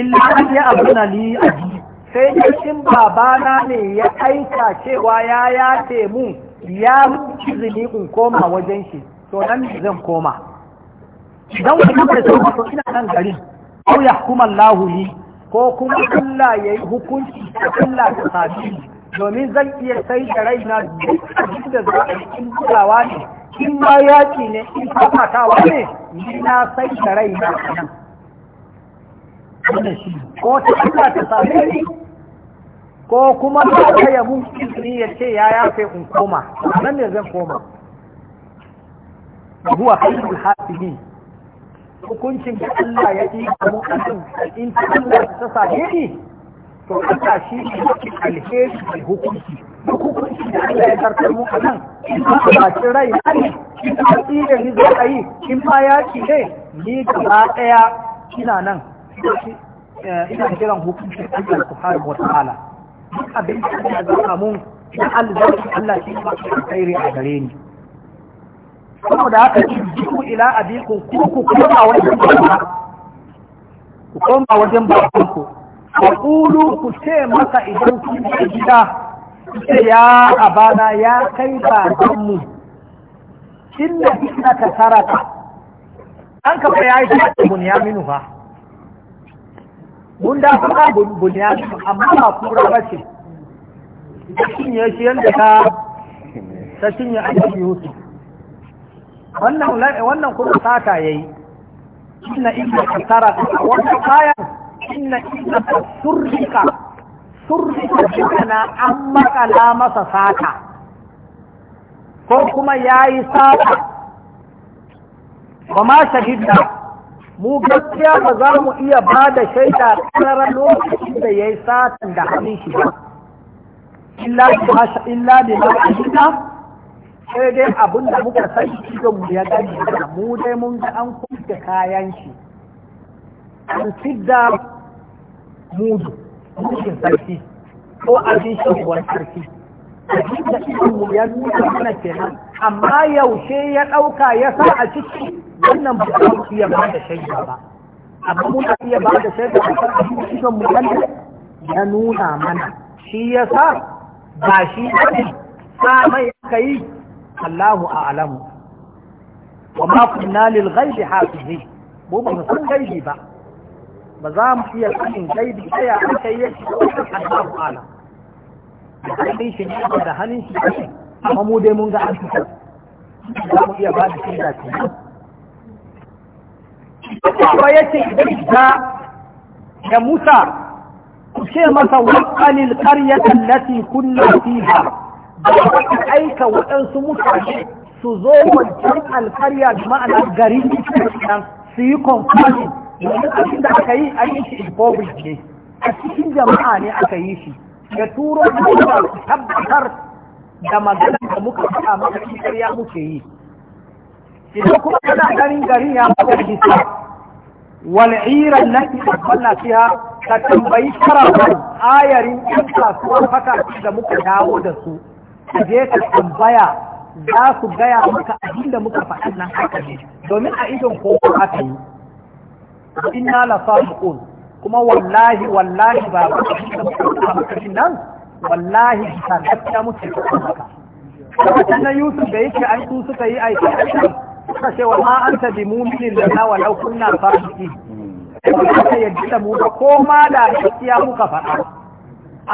illa an yi abuna ni a jiki sai dai babana ne ya aika cewa ya yace mu ya izini in koma wajen shi to nan zan koma idan wani da sauka to ina nan garin ko ya kuma lahuli. ko kuma Allah ya yi hukunci ta Allah ta sami domin zan iya sai da raina duk da za a cikin kulawa ne in ma yaƙi ne in fafatawa ne ni na sai da raina nan ko ta Allah ta sami ko kuma ba ta ya mun izini ya ce ya ya sai in koma nan ne zan koma zuwa haifin hafihi hukuncin da Allah ya yi a mu'amin in ta Allah ta same ni to Allah shi ne alheri da hukunci duk hukunci da Allah ya tarkar mu a nan in ba a baci rai na ne in ba tsira ni zo a yi in ba ya ci ne ni gaba ɗaya ina nan ina kiran hukuncin Allah subhanahu wa ta'ala duk abin da ya zama mun na albarki Allah shi ba shi alkhairi a gare ni saboda haka ku ila abikum ku ku koma wajen ba ku koma wajen baban ku ku qulu ku ce masa idan ku gida ce ya abana ya kai don mu inna ibnaka saraka an kafa yayi ta bunyamin ba. mun da kuma bunya amma ba kura ba ce ta cinye shi yadda ta ta cinye a yusuf wannan wannan kuma sata ya yi. inna inna kasara wannan kayan inna inna surrika surrika bikana an makala masa sata ko kuma ya yi sata ba ma shahidna mu gaskiya ba za mu iya ba da shaida tsanarar lokacin da ya yi satan da hannun shi ba illa da ma'ajina sai dai abin da muka san shi mu ya gani mu dai mun ga an kuka kayan shi an fidda mudu mukin sarki ko abin shaguwar sarki abinda ilmu ya nuna mana kenan amma yaushe ya ɗauka ya sa a ciki wannan ba za mu iya ba da shaida ba amma muna iya ba da shaida a kan abin mu ya nuna mana shi ya sa ba shi ne sa mai aka yi Allahu a'lamu wa ma kunna lil ghaibi hafizi mu ba mu san gaibi ba ba za mu iya sanin gaibi sai aka yi shi Allahu a'lamu da hannun shi ne da hannun shi ne amma mu dai mun ga an fitar za mu iya ba da shi da shi ba ya ce idan ga da Musa ku ce masa wakalil qaryata tallafi kunna fiha da aika waɗansu mutane su zo wancan alkarya da ma'ana gari su yi konfani wani abin da aka yi an yi shi ne a cikin jama'a ne aka yi shi ya turo da tabbatar da magana da muka faɗa maka cikin ya muke yi idan kuma kana ganin garin ya faɗa Wani iran nan tabbanna fiha ka tambayi karatu ayarin ɗan kasuwar fata da muka dawo da su su je ka tambaya za su gaya maka abin da muka faɗa nan haka ne domin a idon kowa aka yi inna la sabiqun kuma wallahi wallahi ba ba a makashin nan wallahi ta gaskiya musu ta maka kuma na yusuf da yake an su suka yi aiki suka ce wa ma an ta bi muminin da na walau kunna fasiki suka yadda da mu ba ko ma da gaskiya muka faɗa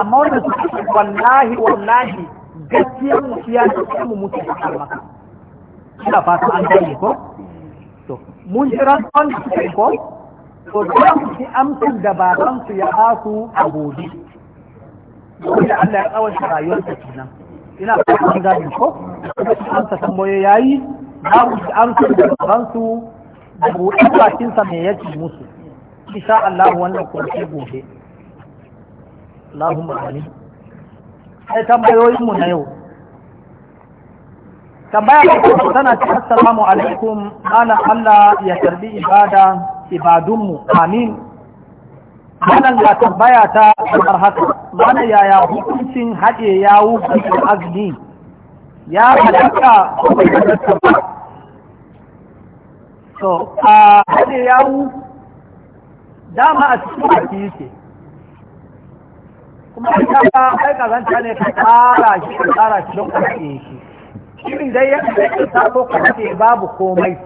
amma wanda suka wallahi wallahi gaskiyar mu ya ce mu mutu ta maka ina fata an gane ko to mun jira an ko to za su ci amsar da babansu ya haku su a gobe da Allah ya tsawon rayuwarsa kenan ina fatan gadi ko kuma su amsa ya yi. za ku ci amsar da babansu da buɗe bakinsa mai yake musu insha Allah wannan kwanci gobe Allahumma amin sai tambayoyin mu na yau tambaya ta tana ce assalamu alaikum ana Allah ya tarbi ibada ibadunmu amin wannan ga tambaya ta kamar haka mana yaya hukuncin haɗe yawo da azumi ya halatta so bai halatta ba to a haɗe yawo dama a cikin baki yake kuma ka kai ka zanta ne ka tsara shi ka tsara shi don kwaɗe shi irin dai yadda ya ta ko kwaɗe babu komai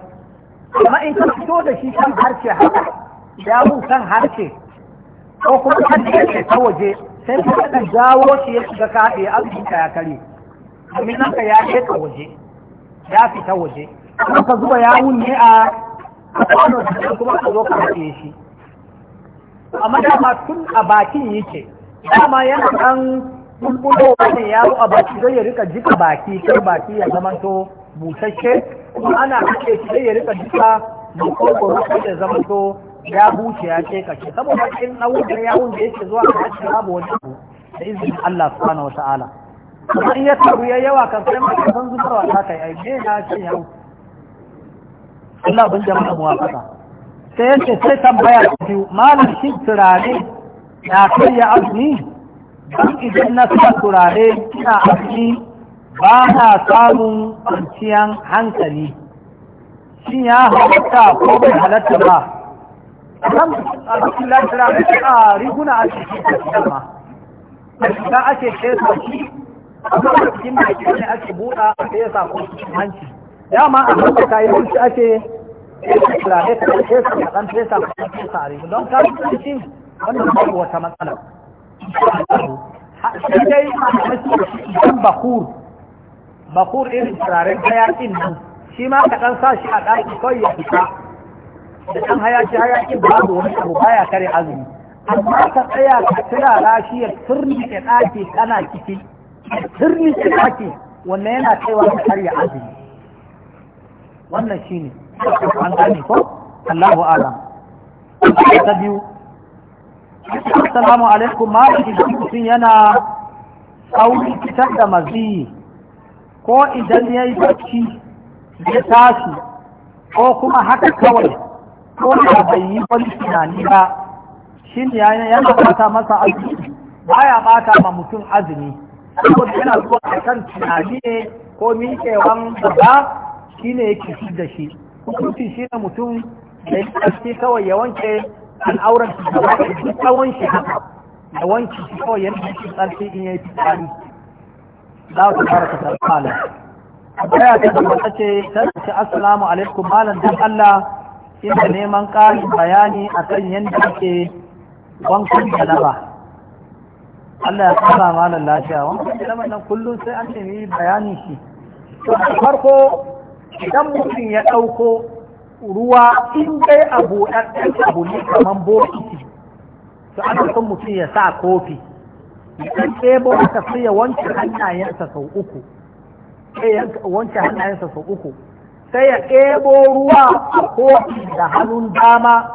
amma in ka fito da shi kan harshe haka Ya yawon kan harshe ko kuma kan yake ta waje sai ka ka jawo shi ya shiga a arzikinka ya kare domin nan ka ya ce ka waje ya fita waje kuma ka zuba yawun ne a kwano da kuma ka zo ka haɗe shi amma dama tun a bakin yake dama yana ɗan bulbulo wani yaro a baki zai ya rika jika baki sai baki ya to busasshe kuma ana kake shi ya rika duka da kokoro da zama to ya huce ya ce kace saboda cikin ɗaukar yawon da yake zuwa a cikin babu wani abu da izinin Allah subhanahu wata'ala kuma in ya tabu ya yawa kan sai maka san zubarwa ta kai ai me na ce yau Allah bin jama'a muwafaka sai yace sai tambaya ta biyu malam shi turare na kai ya azumi dan idan na sa turare ina azumi ba na samun kwanciyan hankali shi ya halatta ko bai halatta ba kan a cikin lantara a riguna a cikin kasuwa a shiga ake kesa shi a kuma cikin da ake ne ake buɗa a kesa ko cikin hanci ma a haka ta yi wuce ake kesa ta kesa ta ɗan kesa ta kesa a riguna don kasuwa shi wannan babu wata matsala. Sai dai a cikin bakuru bakur irin turaren hayakin nan shi ma ka ɗan sa shi a ɗaki kawai ya fita da ɗan hayaki hayakin babu wani abu baya kare azumi amma ka tsaya ka tura rashi ya turnike ɗaki kana ciki turnike ɗaki wannan yana kaiwa ka karya azumi wannan shi ne an gane ko Allahu alam ta biyu assalamu alaikum ma sun yana kauri fitar da maziyi ko idan ya yi barci ya tashi ko kuma haka kawai ko da bai yi wani tunani ba shi ne yana bata masa azumi ya bata ma mutum azumi saboda yana zuwa a kan tunani ne ko miƙewan gaba shi ne ya shi da shi hukunci shi ne mutum da ya kawai ya wanke al'auran shi da wanke shi haka ya wanke shi kawai yana shi tsarki in ya yi fitsari za su fara ta tsala baya ta tabbata ce sai assalamu alaikum malam dan Allah inda neman ƙarin bayani akan yadda ake wankan janaba Allah ya tsara malam lafiya wankan janaba nan kullum sai an nemi bayani shi to farko idan mutum ya ɗauko ruwa in dai abu ɗan abu ne kamar bokiti to ana son mutum ya sa kofi idan ɗebo aka sai ya wanke hannayensa sau uku wanke hannayensa sau uku sai ya ɗebo ruwa a kofi da hannun dama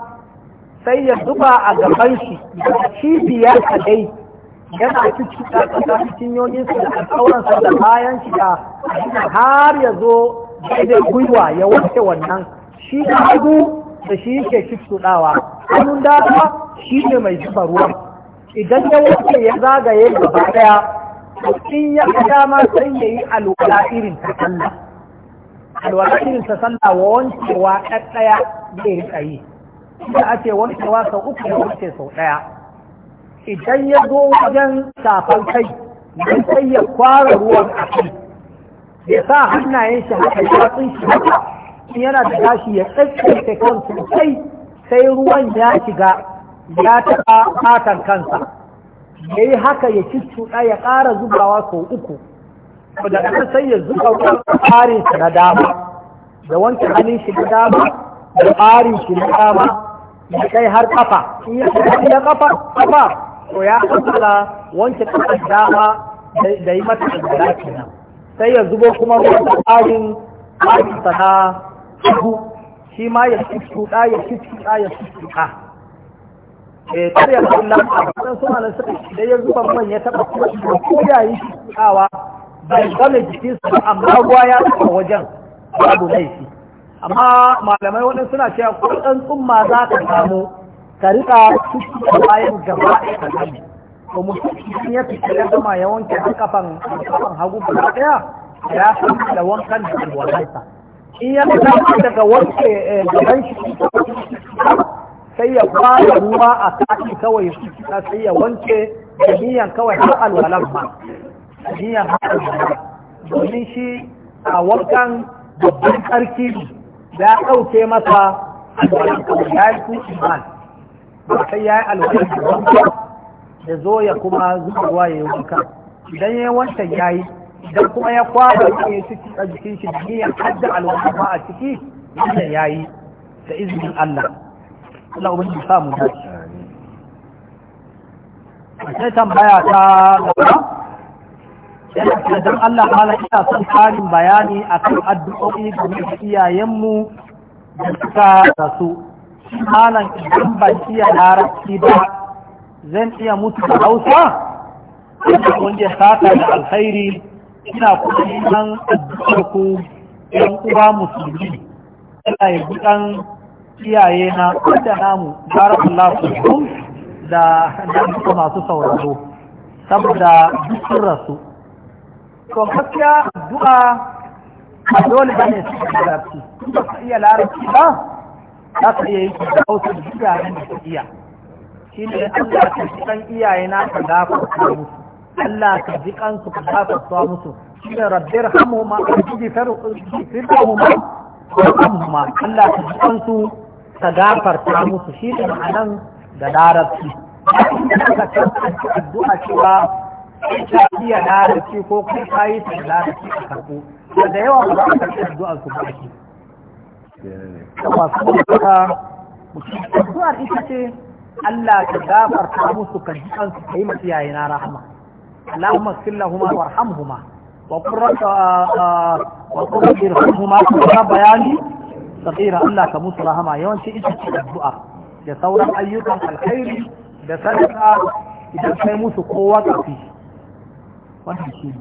sai ya zuba a gaban shi da cibi ya kadai yana cikin tsakanin su da da bayan shi da har ya zo daidai gwiwa ya wanke wannan shi da hagu da shi yake cikin hannun dama shi ne mai zuba ruwan idan ya wuce ya zagaye gaba daya in ya kada ma sai ya yi alwala irin ta sallah alwala irin ta sallah wa wancewa ɗaya zai rika yi da ake wancewa sau uku ya wuce sau ɗaya idan ya zo wajen safan kai don sai ya kwara ruwan a kai ya sa hannayen shi haka ya tsin shi haka yana da gashi ya tsakkace kan sosai sai ruwan ya shiga ya taɓa fatan kansa ya yi haka ya cuccuɗa ya ƙara zubawa sau uku Da nan sai ya zuba ruwan tsarin shi na dama da wanke hannun shi na dama da tsarin shi na dama ya kai har ƙafa. in ya kai ya kafa kafa to ya kammala wanke kafar dama da yi mata alwala kenan sai ya zubo kuma ruwan tsarin tsarin sa na hagu shi ma ya cuccuɗa ya cuccuɗa ya cuccuɗa eh kar ya kalla dan suna nan suka da ya zuba man ya taba ko ya yi tsawa bai gane jikin su, amma ruwa ya taba wajen babu laifi amma malamai wadan suna cewa ko dan tsumma za ka samu ka rika cikin bayan gaba da ka gani to mutum ya fita ya gama ya wanke a kafan kafan hagu ba ɗaya ya san da wankan da alwalansa in ya fita daga wanke eh, gaban shi sai ya fara ruwa a sati kawai sai ya wanke da niyan kawai har alwalan ma niyan domin shi a wankan babban tsarki ya ɗauke masa alwalan kawai ya yi su iman ba sai ya yi alwalan da ya zo ya kuma zuba ruwa ya yi wanka idan ya yi wancan ya yi idan kuma ya kwaba ya ciki a jikin shi da niyan hadda alwalan ma a ciki wannan ya yi da izinin Allah Allah ubangiji sa mu dace sai tambaya ta gaba yana don Allah mala ina son karin bayani akan addu'o'i da iyayenmu da suka rasu malam idan ban iya larabci ba zan iya mutu da hausa wanda wanda ya sata da alkhairi ina kuma neman addu'ar ku yan uwa musulmi Allah ya iyaye na kuta namu barakallahu su da da masu sauraro saboda dukkan rasu to kafiya addu'a a dole ba ne su da larabci ba su iya larabci ba za su iya yi da hausa da iyayen da iya shi ne Allah ka ji kan iyaye na ka gafarta musu Allah ka ji kan su ka gafarta musu shi ne rabbiyar hamu ma a ji firkahu ma ka hamhu ma Allah ka ji kan su ka gafarta musu shi ne ma'anan da larabci ka kasance addu'a cewa ka iya larabci ko kai ka yi ta larabci a karɓo da yawa ba za ka kasance addu'a su ba ake masu mutuka addu'ar ita ce Allah ka gafarta musu ka ji an su yi masu yayi na rahama Allahumma sillahuma warhamhuma wa qurrata wa qurrata irhamhuma ka bayani saghira Allah ka musu rahama yawanci ita ce addu'a da sauran ayyukan alkhairi da sadaka idan kai musu kowa kafi wannan shi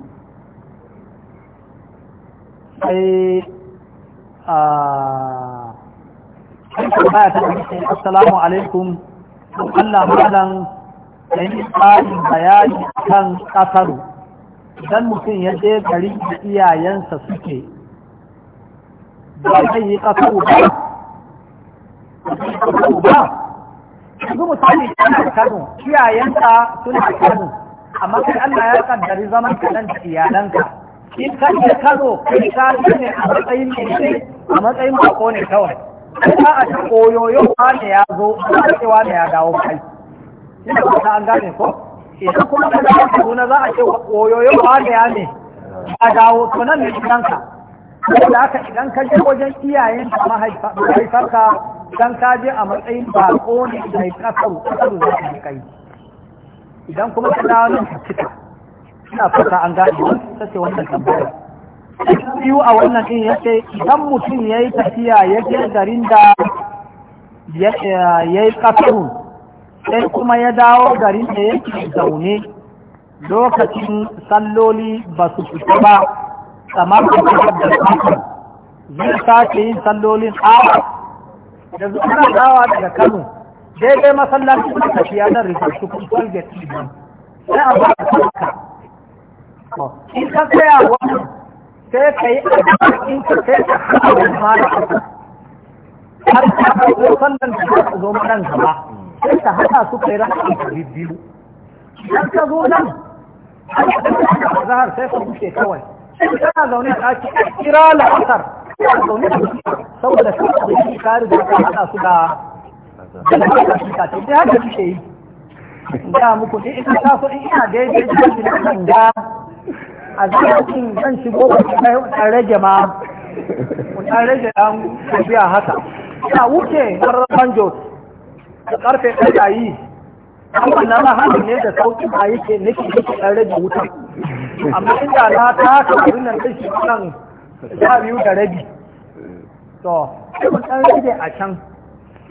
sai a aikin baya ta ɗauki assalamu alaikum Allah malam da yi tsarin bayani kan ƙasaru idan mutum ya je gari da iyayensa suke ba zai yi ƙasa uba ba yanzu misali kana da kano iyayenka suna da amma kai Allah ya kaddari zaman ka nan da iyalanka in ka je kano kai ka ne a matsayin ne a matsayin bako ne kawai ba a ta koyoyo oh, ne ya zo ba cewa ne ya dawo kai ina ba ta an gane ko idan kuma ka dawo suna za a ce koyoyo oh, ne ya ne a dawo to nan ne gidanka saboda haka idan ka je wajen iyayen da mahaifarka don ka je a matsayin bako ne mai kasaru kasaru za ka kai idan kuma ka dawo nan ka cika, ina fata an gani wani ta ce wannan tambaya biyu a wannan din ce idan mutum ya yi tafiya ya je garin da ya yi kasaru sai kuma ya dawo garin da yake zaune lokacin salloli ba su fita ba kamar da kasar zai sake yin sallolin tsawa da zuwa tsawa daga kano daidai masallaci da tafiya na rikar su kuma da tibin sai a ba saka. in ka tsaya wani sai ka yi a in ka sai ka haɗa da ma da har ta ɗauko sallan da ta zo nan gaba sai ta haɗa su kai ranar ɗari biyu idan ka zo nan a zahar sai ka wuce kawai kana zaune a ɗaki a kira la'asar zaune a saboda shi da shi kare da ka haɗa su da da shi ka ce da haka ke yi da muku ne ina ta so ina daidai da shi da kan ga a cikin zan shigo a rage ma a rage dan tafiya haka ina wuce har banjo da karfe ɗaya yi amma na ma ne da sauƙin a yake nake yake ɗan rage wuta. amma inda na taka abin nan ɗin shi nan sha biyu da rabi to sai ɗan rage a can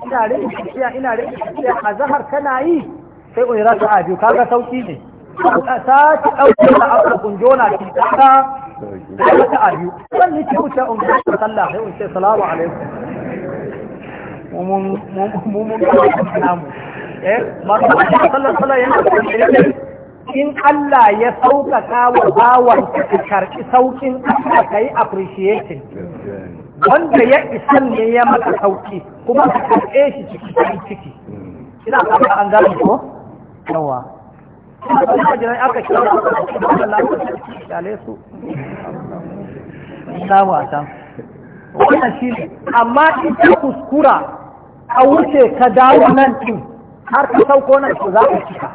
ina rage tafiya ina rage tafiya a zahar kana yi sai in rasa a biyu kaga sauƙi ne sake ɗauke da abu kunjona ki da wata a biyu zan yi ki wuce in gasa sallah sai in ce salamu alaikum mun mun mun mun mun Eh, masu sallar sallar yana da in Allah ya sauƙaƙa wa bawan ka karɓi sauƙin Allah ka yi appreciation wanda ya isan ne ya maka sauƙi kuma ka karɓe shi ciki ciki ina kama an gane ko yawa aka kira da su wannan shi amma in ka kuskura a wuce ka dawo nan din har ka sauko nan to za ka cika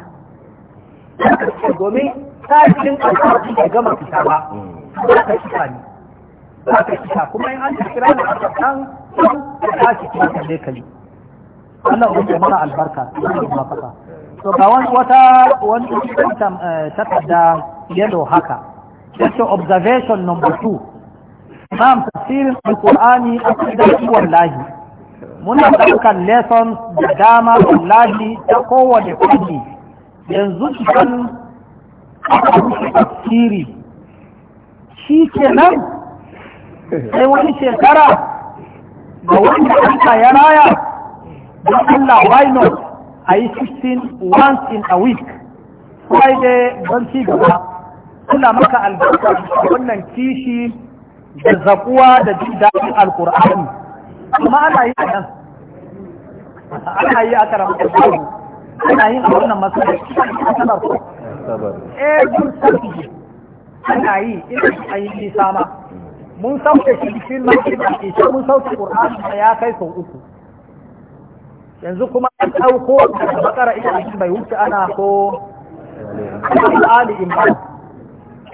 domin tashin alfarki da gama fita ba za ka cika ne za ka cika kuma in an cikira na a kan kan ka tashi kuma ka je kai Allah ya mana albarka kuma fata to ga wani wata wani eh, takarda yalo haka yace observation number 2 Imam tafsirin Al-Qur'ani a cikin wallahi muna ɗaukar lessons da dama wallahi ta kowane kudi yanzu cikin tafsiri shi ke nan sai wani shekara da wanda aka ya raya da Allah why not a yi 16 once in a week friday don ci gaba maka albarka wannan kishi da zakuwa da jin daɗin alkur'ani amma ana yi a nan ana yi a karamar ƙarfi ana yin a wannan masarar a ana yi da mun sauke kai sau uku yanzu kuma an ɗauko da bakara ita cikin bai wuce ana ko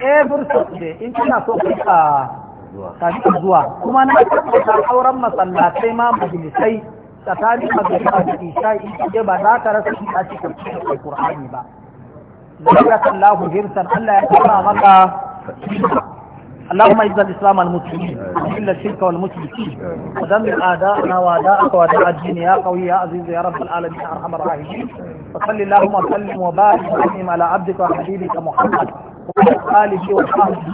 every eh, saturday in so ka zuwa kuma na ma majalisai tsakanin da ba za ka rasa shiga cikin ba hirsan Allah ya kama maka اللهم اجعل الاسلام المسلمين الا الشرك والمشركين ودمر اعداءنا واعداءك واعداء الدين يا قوي يا عزيز يا رب العالمين يا ارحم الراحمين وصل اللهم وسلم وبارك وسلم على عبدك وحبيبك محمد وعلى اله وصحبه